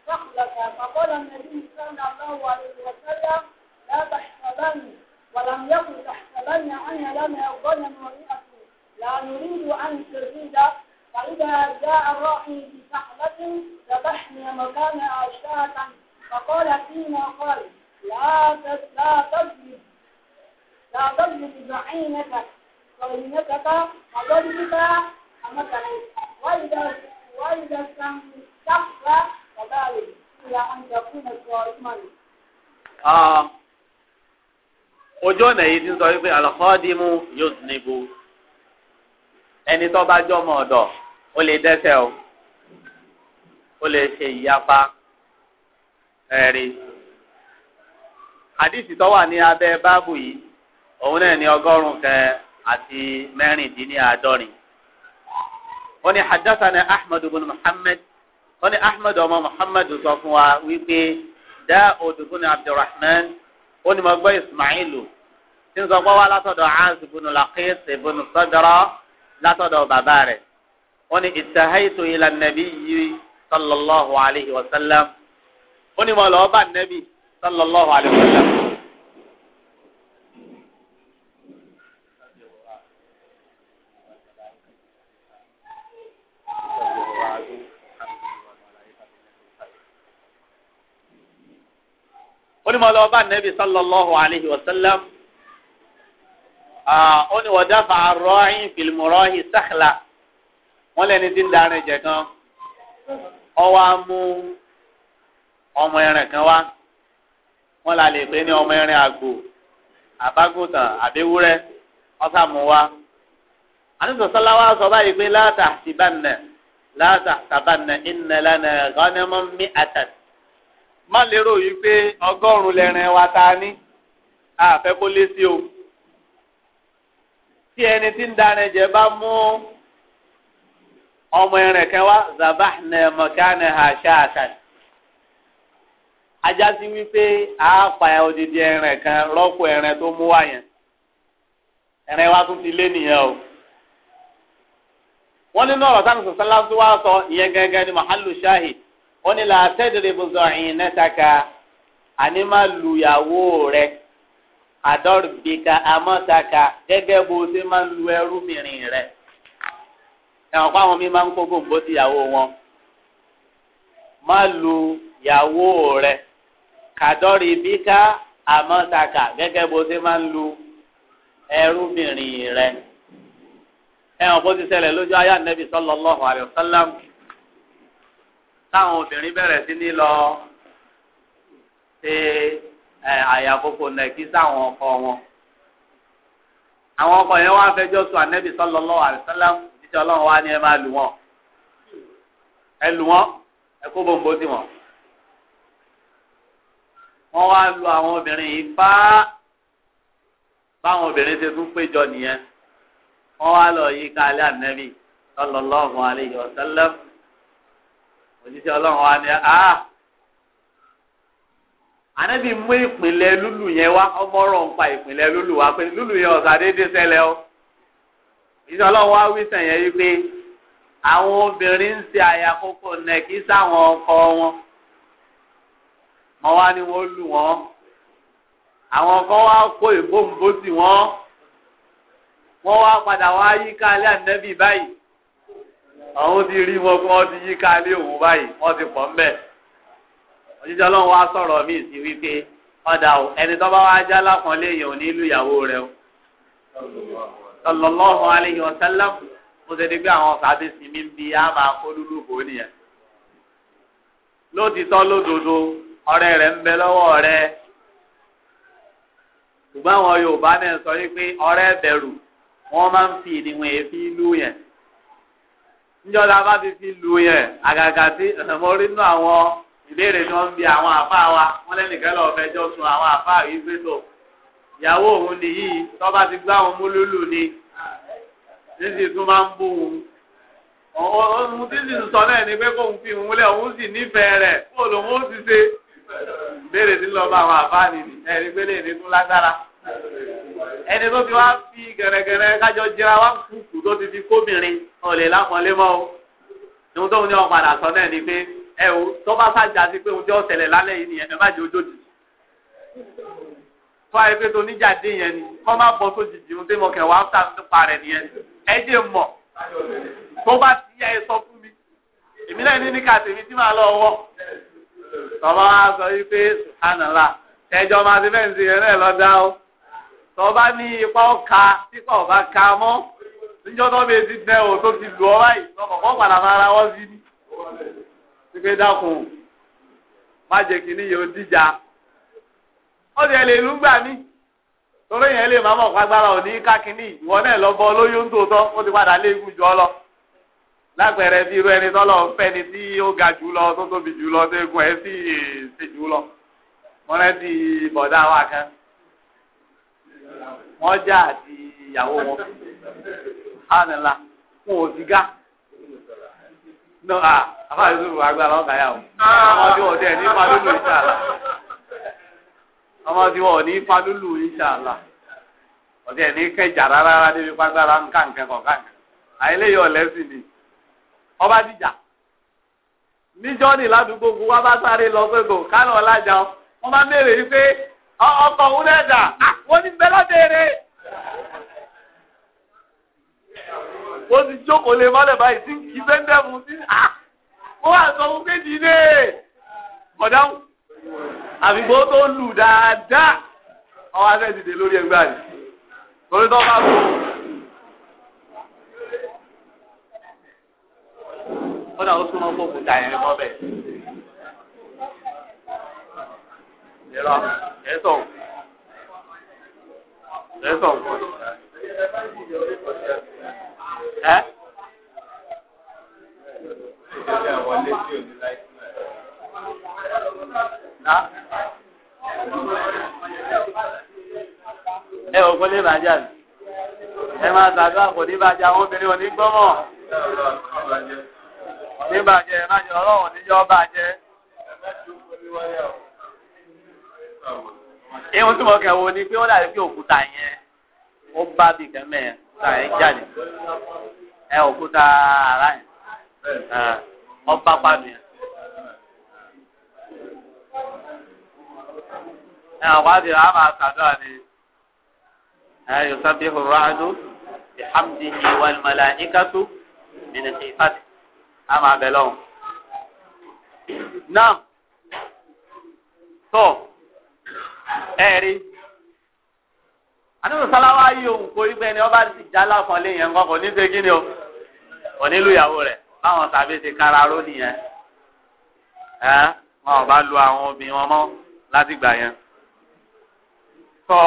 [SPEAKER 2] دخلك فقال النبي صلى الله عليه وسلم لا تحسبني ولم يقل تحسبني أنا لم يظلم امرأة لا نريد أن تزيد فإذا جاء الراعي بسحبة ذبحني مكان عشاة فقال فيما قال لا لا تجلب لا تجلب بعينك بعينك فضربك أمكنك وإذا وإذا استنكف كذلك إلى أن يكون صائما.
[SPEAKER 1] آه ojú ọ̀nà yìí ti ń sọ wípé àlọ́kọ́dìmù yóò níbu ẹni tó bá jọ ọmọ ọ̀dọ̀ ó lè dẹ́ṣẹ̀ o ó lè ṣe ìyapa ẹ̀rí àdìsí tó wà ní abẹ́ báàbù yìí òun náà ní ọgọ́rùn-ún kan àti mẹ́rìndínláàádọ́rin wọ́n ní hadathana ahmed bin muhammed wọ́n ní ahmed ọmọ muhammed sọ fún wa wípé daud bin abdulrahman wọ́n ní mo gbọ́ ismailu tí n sọ pé wá látọ̀dọ̀ aaz bin laqis bin sadra látọ̀dọ̀ bàbá rẹ̀ wọ́n ní ìtàhàìtò ila nabiyyi sallallahu alayhi wa sallam wọ́n ní mo lọ́ọ́ bá nabi sallallahu alayhi wa sallam. ó ní mo lọ bá nẹ́bí sallallahu alayhi wa sallam ah, ó ní wọ́n dáfà arọ́hìn fìlmùrọ́hìn sáxlà wọ́n lẹ́ni tí ń darin jẹ̀ kan ọwọ́ á mú ọmọ ẹran kan wá wọ́n la lè pè ní ọmọ ẹran àgbò àbágùntàn àbẹ́wúrẹ́ ọ̀sàmù wa àníṣe sọ́láwá sọ báyìí pé látà tìbànà látà tàbànà ìnàlànà ghanimum mi'atan. má lérò yìí pé ọgọ́rùn-ún lẹ́rìn wa ta ni àfẹ́ kó lé sí o tí ẹni tí ń darẹ̀ jẹ́ bá mú ọmọ ẹrẹ̀ kan wá zabahna mọ̀kánà àṣàṣà ajá sí wípé odidi kan rọ́pò tó mú ti lé nìyẹn o wọ́n nínú ọ̀rọ̀ sáà tó wá sọ ìyẹn wọ́n ní làásẹ̀dẹ̀rẹ̀ bùzọ̀yìn nẹ́tàkà àní máa lùyàwó rẹ̀ àdọ́rùbíkà àmọ́tàkà gẹ́gẹ́ bó ṣe máa ń lu ẹrúbìnrin rẹ̀ ẹ̀wọ̀n kó àwọn mi máa ń kó gbòǹgbò sí ìyàwó wọn máa lu ìyàwó rẹ̀ kàdọ́rùbíkà àmọ́tàkà gẹ́gẹ́ bó ṣe máa ń lu ẹrúbìnrin rẹ̀ ẹ̀wọ̀n kó ti ṣẹlẹ̀ lójú ayé ànẹ́bí sallallahu alaihi wasallam táwọn obìnrin bẹ̀rẹ̀ sí ní lọ ṣe àyàkókò nàìjí sáwọn ọkọ wọn àwọn ọkọ yẹn wá fẹjọ́ sùn ànẹbì sọlọlọ àlùsálàm títí Ọlọ́run wá ní ẹ máa lù wọn ẹ lù wọn ẹ kó bòǹbò sí wọn wọn wá lu àwọn obìnrin yìí fá báwọn obìnrin ṣe tún péjọ nìyẹn wọn wá lọ yí ká alẹ ànẹbì sọlọlọ ọhún àlejò ọsẹlẹmù òjíṣẹ́ ọlọ́run wa ni a anabi mú ìpìlẹ̀ lulu yẹn wá ọmọ ọ̀rọ̀ ń pa ìpìlẹ̀ lulu wá pé lulu yẹn ọ̀sà déédéé ṣẹlẹ̀ o òjíṣẹ́ ọlọ́run wa wí sàn yẹn wípé àwọn obìnrin ń ṣe àyà kókó nẹ kí sáwọn ọkọ wọn mọ wá ni wọ́n lù wọ́n àwọn kan wá kó ìbombo sí wọn wọ́n wá padà wá yíká alẹ́ ànábì báyìí. àwọn ti rí wọn pé wọn ti yí káálí òwú báyìí wọn ti pọ̀ mbẹ́ òjijì ọlọ́run wá sọ̀rọ̀ sí wípé ọ̀dà o ẹni tó bá wá já lápọn léèyàn ò ní ìlú ìyàwó rẹ o sallallahu alayhi wa mo ṣe ni pé àwọn ń bi á máa kó bò nìyẹn lótìtọ́ lódodo ọ̀rẹ́ rẹ̀ ń bẹ lọ́wọ́ ṣùgbọ́n àwọn Yorùbá náà níjọ́ la bá ti fi lu yẹn àgàgà tí mo rí nínú àwọn ìbéèrè tí wọ́n ń bi àwọn àfáà wa wọ́n lẹ́nìkan lọ́ọ́ fẹjọ́ sun àwọn àfáà yìí pé tó ìyàwó òun nìyí tó bá ti gbá òun mú lúlù ni níbi tó máa ń bú òun òun tí sì ń sọ náà ni pé kóun fi òun lẹ òun sì nífẹ̀ẹ́ rẹ̀ kó lòun ó ti ṣe béèrè tí lọ́ọ́ bá àwọn àfáà nìyí ẹ̀rí pé lè ní kú lágbára ẹni tó fi wá fi gẹ̀rẹ́gẹ̀rẹ́ kájọ jira wá kúkú tó ti fi kómìnrin ọ̀lẹ̀ lápọ̀nlé mọ́ o ìhun tóun ní ọ̀padà sọ náà ni pé ẹ o tó bá sájà sí pé ohun tí ó ṣẹlẹ̀ lálẹ́ yìí nìyẹn ẹ má jẹ́ ojóòjì fún ayé pé toníjà dé yẹn ni kọ́ má bọ́ tó jìjì ohun tí mo kẹ̀ wá sá nípa rẹ̀ nìyẹn ẹ jẹ́ mọ̀ tó bá ti yá ẹ sọ fún mi èmi náà ní ní kàtèmi tí màá lọ wọ́ tọ́ba wa sọ yìí pé sùhánàlá ẹjọ́ máa ti fẹ́ǹsì yẹn náà lọ dá o. tọba ní ipa ọka típa ọba ka mọ níjọ tó bẹ ti tẹ o tó ti lù ọ báyìí lọkọ kọ padà ni pípé dákun má jẹ kínní yóò díjà ó ti lè lù gbà mí torí yẹn lè pàgbára òní ká kínní ìwọ lọ bọ lóyún ó ti padà ọ lọ lápẹẹrẹ bí lọ tó tóbi jù lọ tó egun ẹ sì
[SPEAKER 3] wọ́n já àti ìyàwó wọn hánilá
[SPEAKER 1] fún òsígá náà ah, àbá yóò wà gbára ọkà yà o ọmọ tí wọn dẹ ní falúlù ìṣàlá ọmọ tí wọn ní ọdẹ ní kẹjà rárá níbi pàgbára nǹkankan kọkàn àìlèyé ọlẹsìn ni ọba níjọ́ ni ládùúgbò bá sáré lọ pé kò ọlájà wọn bá ọkọ̀ òun náà dà wọ́n ní bẹ́ẹ̀ lọ́dẹ̀ẹ̀rẹ̀. ó ti jókòó lè mọ́lẹ̀ báyìí tí kì í bẹ́ńdẹ̀ mu sí à ó wà sọ fún kéjì ilé ọ̀dáhùn àbígbó tó lù dáadáa ọwọ́ afẹ́ dìde lórí ẹgbẹ́ àdì torí tó bá kú. kódà ó súnmọ́ fún òkúta yẹn mọ́ bẹ́ẹ̀
[SPEAKER 3] ẹ sọ ẹ sọ nǹkan ẹ.
[SPEAKER 1] ẹ ò kó lè bàjá ni ẹ máa tàdúrà kò ní bàjá àwọn obìnrin ò ní gbọ́mọ̀
[SPEAKER 3] ní bàjẹ́ ẹ má jẹ ọlọ́run níjọ́ bàjẹ́ ìwọ̀n tí mo kàn
[SPEAKER 1] wò ni pé ó dàbí pé òkúta yẹn ó bá bì kẹ́mẹ́ òkúta yẹn jáde ẹ òkúta ara yẹn ọ bá pàmì yẹn.
[SPEAKER 3] ẹ ọ̀pá ti rà
[SPEAKER 1] máa ṣàdúrà ni ẹ yusabbihu ar-ra'du bihamdihi wal mala'ikatu min khifati á máa bẹ̀ lọ́wọ́. náà tó. ẹ̀rí anúlù sáláwá yìí ohun kò rí bẹ́ẹ̀ ni ọba ti já lápọ̀nlé yẹn kọ́ ní ṣe o kò ìyàwó rẹ̀ báwọn tàbí ti kára ró nìyẹn ẹ wọn ò bá lu àwọn obìnrin wọn mọ́ láti gbà yẹn. sọ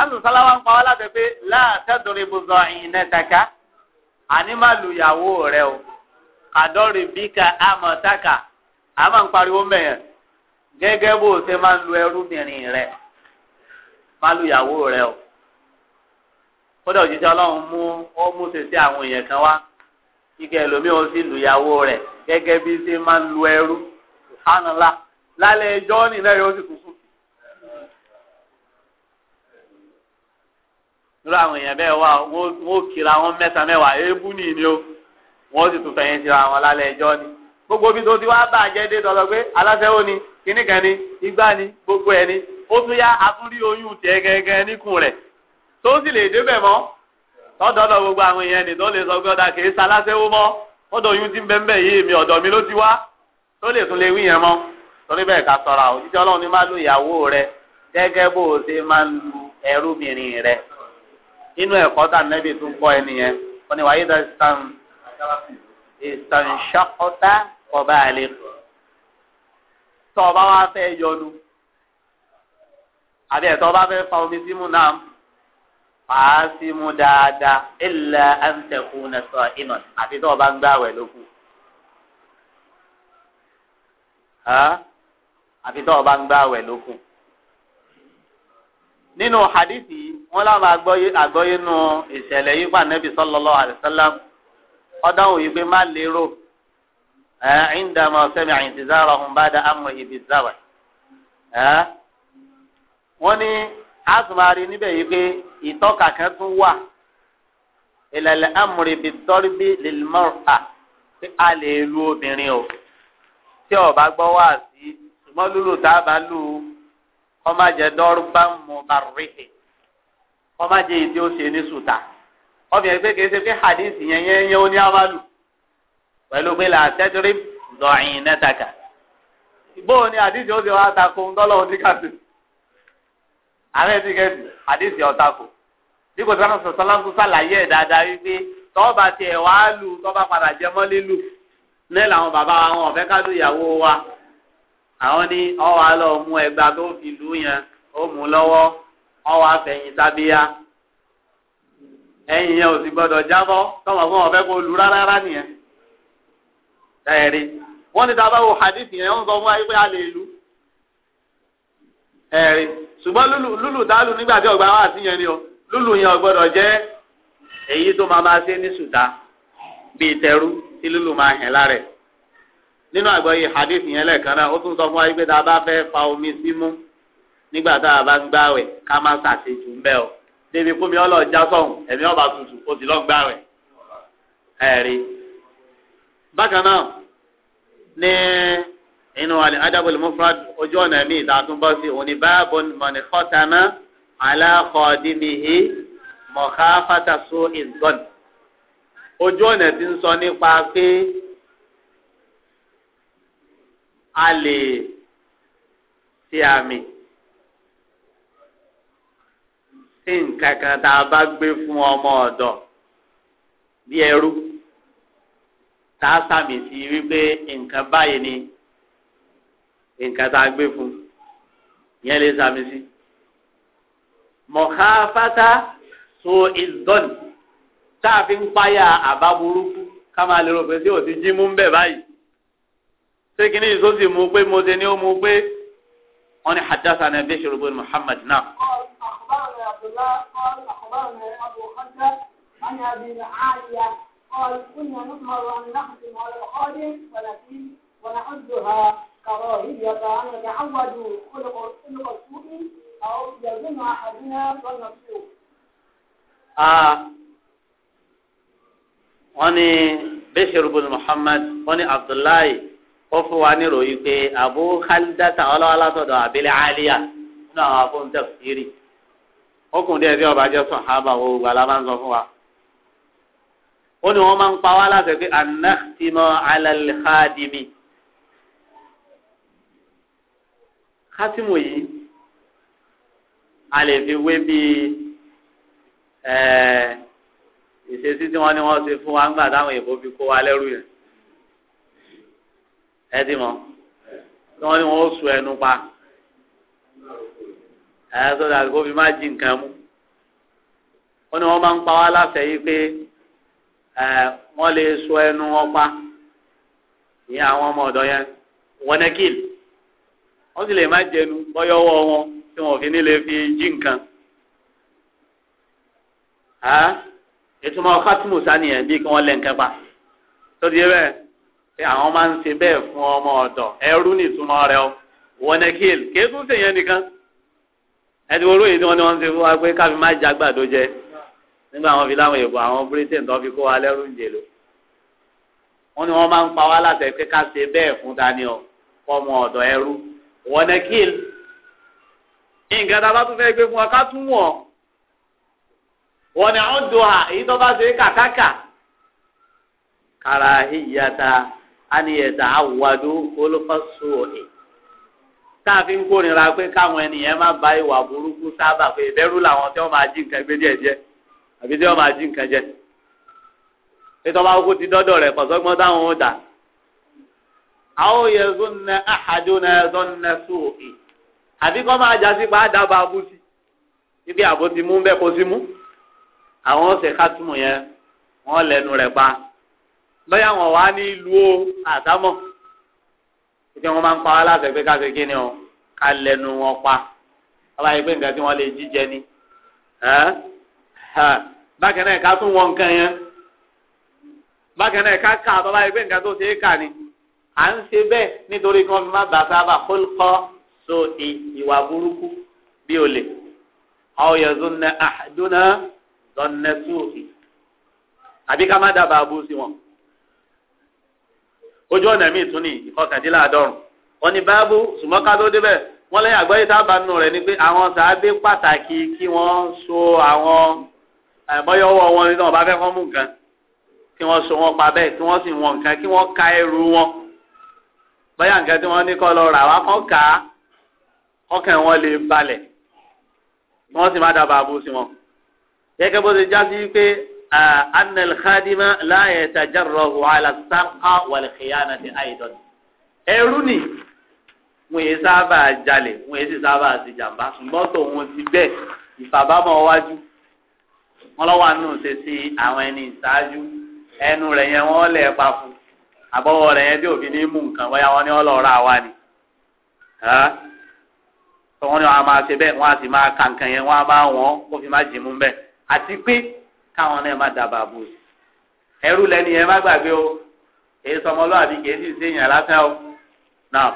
[SPEAKER 1] anúlù ń pa wá láti pé láàtẹ́dùnrin bùzọ àní má lu ìyàwó rẹ̀ o bíkà àmọ̀tàkà àmọ̀ ń pariwo mẹ́yẹn gẹ́gẹ́ bó o ṣe máa ń lu ẹrúbìnrin rẹ̀. má lu ìyàwó rẹ o kódà òjijì ọlọ́run mú ó mú sèse àwọn èèyàn kan wá ike ẹlòmíì ó lu rẹ gẹ́gẹ́ bí ṣe máa ń lu ẹrú hánàlá lálẹ́ ẹjọ́ nìlẹ́ yóò sì kúkú. nírú àwọn èèyàn bẹ́ẹ̀ wá wọ́n wọn mẹ́ta mẹ́wàá ni tún gbogbo bí tó ti wá bàjẹ́ dé tọ́lọ pé ni kíníkan ni igbá ni gbogbo ó tún yá abúrí oyún tiẹ̀ gẹ́gẹ́ níkùn rẹ tó sì lè mọ mọ́ tọ́dọ̀dọ̀ gbogbo àwọn èèyàn nì lè sọ gbọdọ kì í saláṣẹ́wó oyún ti ń bẹ́ẹ̀ bẹ́ẹ̀ yé èmi mi ló ti wá tó lè tún lè wí yẹn mọ́ torí ká máa lu ìyàwó rẹ bó o ṣe máa ń lu ẹrúbìnrin rẹ tá tún ẹnìyẹn tọ́ ọba wa fẹ́ yọnu àbí ẹ̀tọ́ bá fẹ́ fa omi símú náà fàá símú dáadáa illa an takuna sa'iman àfi tó o bá ń gbààwẹ̀ lókù. àfi tó o bá ń gbààwẹ̀ lókù. nínú hadithi wọn láwọn àgbọ́yé nu ìṣẹ̀lẹ̀ yípa nẹ́bí sallallahu alaihi wasallam ọdáwò yìí pé má lérò ẹ̀ ẹ̀ ń dààmú ọ̀sẹ̀ mi àyìntì bá dá àmọ̀ ìbí zárahùn wọ́n ní azumari níbẹ̀ yìí pé ìtọ́ka kan tún wà ìlàlẹ̀ amúre bíi dọ́rìbí lèlmọ́ra pé a lè lu obìnrin o tí ọba gbọ́ wá sí ṣùgbọ́n lúlù tá a bá lù ú kọ́ má jẹ́ dọ́rùbá mọ̀bàrìhì kọ́ má jẹ́ ìdí ó ṣe ní sùtà obìnrin pé kìí ṣe pé hadith yẹn yẹn yẹn ó ní amalu pẹ̀lú pé làtẹ́tìrì dọ̀yìn nẹ́tàkà bóun ni hadith ó ṣe wá takò ńdọ́lọ́wọ́ ní kàtó ààrẹ ti kẹ́ àdéhùn ọ̀tá kò bí kò sọ́nà sọ̀sọ́lá ń kú sàlàyé ẹ̀ dáadáa wípé tọ́ba tiẹ̀ wá lù tọ́ba padà jẹ mọ́ lílù ní làwọn bàbá wa wọn ọ̀fẹ́ ká lù ìyàwó wa àwọn ní ọwọ́ alọ́ mú ẹgbàá tó fi lù yẹn ó mú lọ́wọ́ ọwọ́ afẹ́yìn sábíyá ẹ̀yìn yẹn ò sì gbọ́dọ̀ jábọ́ tọ́mọ̀ fún ọ̀fẹ́ kó lù rárá rárá nìyẹn. ẹ̀rí wọ́n ti dábàá wo hadith yẹn wọ́n sọ fún wa pé a lè lù ẹ̀rí ṣùgbọ́n lulu lúlù dálù nígbà tí ọgbà wà sí yẹn ni o lulu yẹn ọgbọ́dọ̀ jẹ́ èyí tó máa máa ṣe ní sùtá bíi tẹrú tí lúlù máa hẹ̀ lára ẹ̀ nínú àgbọ̀yé hadith yẹn lẹ́ẹ̀kan náà ó tún sọ fún wa pé tá a bá fẹ́ fa omi símú nígbà tá a bá ń gbààwẹ̀ ká má ṣàṣejù ń bẹ́ o débi kómi ọlọ́ọ̀já sọ̀hún ẹ̀mí ọba tutù ó sì lọ ń gbààwẹ̀ ẹ̀rí bákan náà ní nínú alẹ́ adabul mufrad ojú ọ̀nà mi ìdàtúbọ̀ sí òní báàbò mọ̀nì kọ́tàmá aláàkọ́dínmìhì mọ̀káfàtàsó ìgbọ́n. ojú ọ̀nà ti ń sọ nípa pé a lè ṣe àmì sí nǹkan kan tá a bá gbé fún ọmọ ọ̀dọ̀ bí ẹrú tá a sàmì sí wípé nǹkan báyìí ni nǹkan tá a gbé fún yẹn lè sàmì sí. mọ̀káfátá so is done tá a fi ń páyà àbá burúkú ká máa lè rò pé sí òsì jí mú ń bẹ̀ báyìí. ṣé kí ni ìṣó sì mú pé mo ṣe ni ó mú pé wọ́n ní hadasa ní ẹbí ṣòro bóyá Muhammad náà.
[SPEAKER 2] أخبرنا عبد الله قال أخبرنا أبو خزرج عن أبي معاوية قال كنا نؤمر أن نخدم على الخادم ونعدها كراهية أن يتعودوا خلق خلق السوء أو يظن أحدنا ظن السوء.
[SPEAKER 1] آه. wọ́n ní bẹ́sẹ̀rù bùn muhammad wọ́n ní abdullahi ó fún wa ní ròyìn pé abu khalidata ọlọ́wọ́lá sọ̀dọ̀ abilẹ̀ aliya nínú àwọn afọ́ńtẹ̀ fìrì ọkùnrin díẹ̀ bí ọba jẹ́ sọ̀hábà wo gbala máa ń sọ fún wa. ó ní wọ́n máa ń pa wá láti pé anaktimọ̀ alalihadimi. kásímù yìí a lè fi wé bíi ìṣesí tí wọ́n ní wọ́n ṣe fún wa ńgbà táwọn èèbó fi kó wa lẹ́rù yẹn ẹ ti mọ̀ tí wọ́n ní wọ́n ó sun ẹnu pa ẹ sọ́dọ̀ àti kó fi má jí nǹkan mú wọ́n ní wọ́n máa ń pa wá láṣẹ pé wọ́n lè sọ ẹnu wọn pa ní àwọn ọmọ ọ̀dọ́ yẹn wọ́n wọ́n sì lè má jẹnu bọ́yọ́ wọ́ wọn tí wọ́n fi nílé fi jí nǹkan. ìtumọ̀ kátìmù sani yẹn bí kí wọ́n lẹ́ nǹkan pa tó di bẹ́ẹ̀ pé àwọn máa ń ṣe bẹ́ẹ̀ fún ọmọ ọ̀dọ̀ ẹrú nìtumọ̀ rẹ o wọnẹ kíl kéékùn sèyẹn nìkan ẹni wo lóyìn tí wọ́n ní wọ́n ń ṣe fún wa pé káfí má jẹ àgbàdo jẹ nígbà wọn fi láwọn èèbù àwọn britain tó fi kó wa lẹ́rú ń jèlò wọ́n ní wọ́n máa ń pa wá látẹ̀ pé ká ṣe bẹ́ẹ̀ fún daniel fọmọ ọ̀dọ̀ ẹrú wọnẹkìl nǹkan tá a bá tún fẹ́ gbé fún wa ká tún wọ̀ wọ́n ní àwọn dùn hà èyí tó bá ṣe kàkàkà karahiyata aniyẹta awadu olùfọ́sọ ẹ̀ tá a fi ń kórìíra pé káwọn ènìyàn má bá ìwà burúkú sábà pé ìbẹ̀rù làwọn tí wọ́n máa jí nǹkan gbé díẹ̀ díẹ̀ àbí tí wọ́n máa jí nǹkan jẹ. pé tọ́ba kúkú ti dọ́dọ̀ rẹ̀ kọ̀sọ́gbọ́n táwọn ó dà àwọn yẹn zọ́nà àhàdùnà zọ́nà sóòfì àbí kọ́ máa jásí pa àdàbà abúsí ibi àbò ti mú bẹ́ẹ̀ kó sí mú àwọn ọ̀sẹ̀ kátùmù yẹn wọ́n lẹ́nu rẹ̀ pa lọ́yà wọn wá ní ìlú àdámọ̀ ìdí wọn máa ń pa wá láti ẹgbẹ́ káfí kí ni ọ ká lẹ́nu wọn pa ọba yìí pé nǹkan tí wọ́n lè jíjẹ ni bákan náà ká tún wọn nǹkan yẹn bákan náà ká kà bàbá yìí pé nǹkan tó ṣe é kà ni à ń ṣe bẹ́ẹ̀ nítorí kí wọ́n fi má bàa sábà kólkọ́ so ìwà burúkú bí o lè ọ̀ yẹ zunna àdúnà zọnà sóòfì àbí ká má dábàá bú sí wọn. ojú ọ̀nà míì tún ní ìkọkàndínláàdọ́rùn wọn ni báàbù sùmọ́ká tó débẹ̀ wọ́n lẹ́yìn àgbáyé tábà nù rẹ̀ ni pé àwọn sàábé pàtàkì kí wọ́n so àwọn àbọ̀yọ̀wọ̀ wọn nígbà wọn bá fẹ́ fọ́n mú nǹkan kí wọ́n so wọn pa bẹ́ẹ̀ kí wọ́n sì wọn nǹkan kí wọ́n ka ẹrù wọn bóyá nǹkan tí wọ́n ní kọ́ lọ rà wá kọ́ kà á ọkàn wọn lè balẹ̀ wọ́n sì má dábàá bó sí wọn. gẹ́gẹ́ bó ṣe já sí pé anel khadima láyé tajarọ̀hu alasaka wàlìkìyàna ti àìdọ́ni. ẹrú ni wọn yé sábà jalè wọn yé sì sábà sí jàmbá ṣùgbọ́n tòun ti bẹ́ẹ̀ ìfàbámọ̀ wájú wọn lọ́wọ́ àánú ṣe sí àwọn ẹni ìṣáájú ẹnu rẹ̀ yẹn wọ́n lẹ̀ pa fún un àbọ̀wọ̀ rẹ̀ yẹn tí òfin ní mú nǹkan wáyà wọn ni wọ́n lọ ra wa ni tọ́ wọn ni wọ́n á máa ṣe bẹ́ẹ̀ wọ́n á sì máa ka nǹkan yẹn wọ́n á máa wọ́n kó fi máa jìmú bẹ́ẹ̀ àti pé káwọn náà má dábàá bò sí ẹrú lẹ́ni yẹn má gbàgbé o èyí sọmọlúwàbí kì í sì sí èèyàn lásán o náà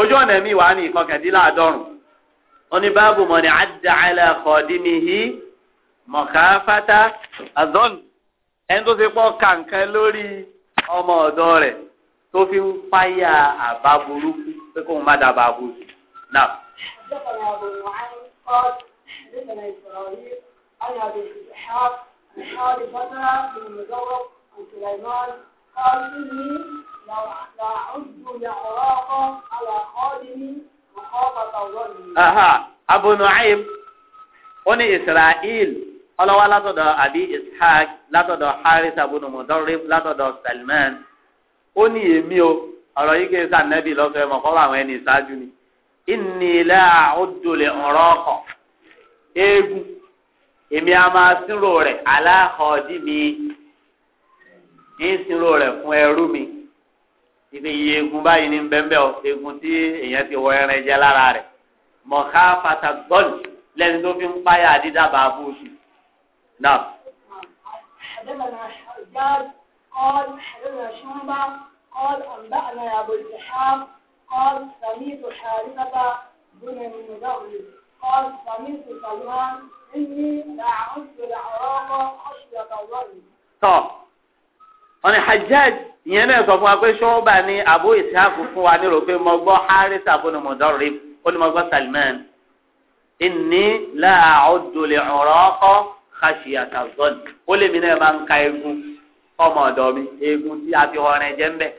[SPEAKER 1] ojú ọ̀nà mi wà ní ìkọkàndínláàdọ́rùn oní báàbù mọ̀ni àdá àlẹ́ ọ̀dínmihì mọ̀káfátá àdọ́nù ẹni tó ṣe pọ̀ kàǹkan lórí ọmọ ọ̀dọ́ rẹ̀ tó fi ń fáyà àbá burúkú pé kóun má dábàá burú náà.
[SPEAKER 2] عن ابي الاسحاق عن حارثه بن مزور عن سليمان قال اني لاعد العراق على خادمي مخافه ظني. اها
[SPEAKER 1] ابو نعيم قل اسرائيل ọlọ́wọ́ látọ̀dọ̀ àbí ishaq látọ̀dọ̀ haris abunu mudarrib látọ̀dọ̀ salman ó ní èmi o ọ̀rọ̀ yìí kéésà nẹ́bí lọ́sọ̀ọ́ ẹ̀mọ̀ kọ́ àwọn ẹni ìṣáájú ni inni la a'uddu li uraqa eegun èmi a máa sírò rẹ̀ ala khadimi ní sírò rẹ̀ fún ẹrú mi ìfi iye egun báyìí ní bẹ́ńbẹ́ o egun tí èèyàn ti wọ ẹran jẹ lára rẹ̀ mọ̀ká fatagbọ́ọ̀lù lẹ́ni tó fi ń páyà dídá bàbá oṣù نعم
[SPEAKER 2] حدثنا حجاج قال حدثنا شنبا قال أنبأنا يا أبو الإحاب قال سميت حارثة بن المدغل قال سميت سلمان إني لا لعنت العراق خشية الظلم
[SPEAKER 1] طب أنا حجاج ìyẹn náà sọ fún wa pé ṣọ́ọ́bà ni àbó ìsìnkú fún wa ní rògbé mọ́gbọ́ harris abunimodori onimọ́gbọ́ salman ìní láàádùn lè rọ́ọ́kọ́ káṣí àtàzọ́ọ̀nì ó lèmi náà máa ń ka eegun ọmọ ọ̀dọ̀ mi eegun tí a fi ọrẹ jẹ́ ń bẹ̀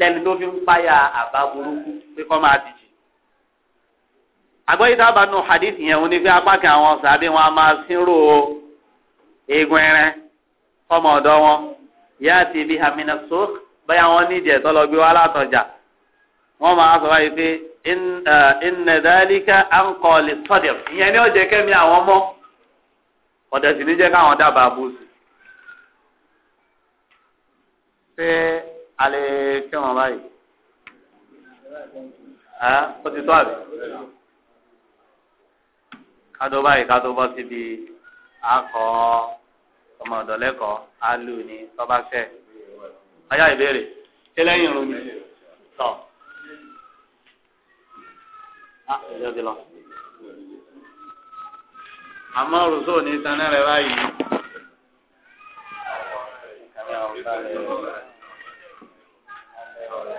[SPEAKER 1] lẹ́ni tó fi ń páyà àbá burúkú pé kọ́ máa dìjì. àgbẹ̀yìí tábà nù hadith yẹn òun ni pé kan àwọn sàbí wọn a máa sínrò eegun ẹran ọmọ ọ̀dọ̀ wọn yá àti ibi hamina sóòk báyà wọn nídìí ẹ̀tọ́ lọ gbé wá látọjà wọn máa sọ wáyé pé ìnàdálíkà à ń kọ́ lè sọ́dẹ̀ ìyẹn ni ó jẹ́ kẹ́mi àwọn mọ́ ọ̀dẹ̀sì ní jẹ́ káwọn dábàá bó sí. ṣé alẹ́ kí wọ́n báyìí?
[SPEAKER 3] ẹ ó ti tó àbí?
[SPEAKER 1] kádó báyìí kádó bọ́ síbi akọ ọmọ ọ̀dọ̀ lẹ́kọ̀ọ́ alu ni tọ́ba fẹ́. ayá ìbéèrè ṣé lẹ́yìn irun mi? tọ́.
[SPEAKER 3] ah ìjọba ti lọ
[SPEAKER 1] àmọ́ rùsọ̀ ní sanná rẹ̀ báyìí.
[SPEAKER 3] Wọ́n ti pa pé wọ́n jẹ́ àwọn ẹgbẹ́ wọn làwọn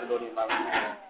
[SPEAKER 3] ti lórí ìmọ̀ àwọn ọmọ.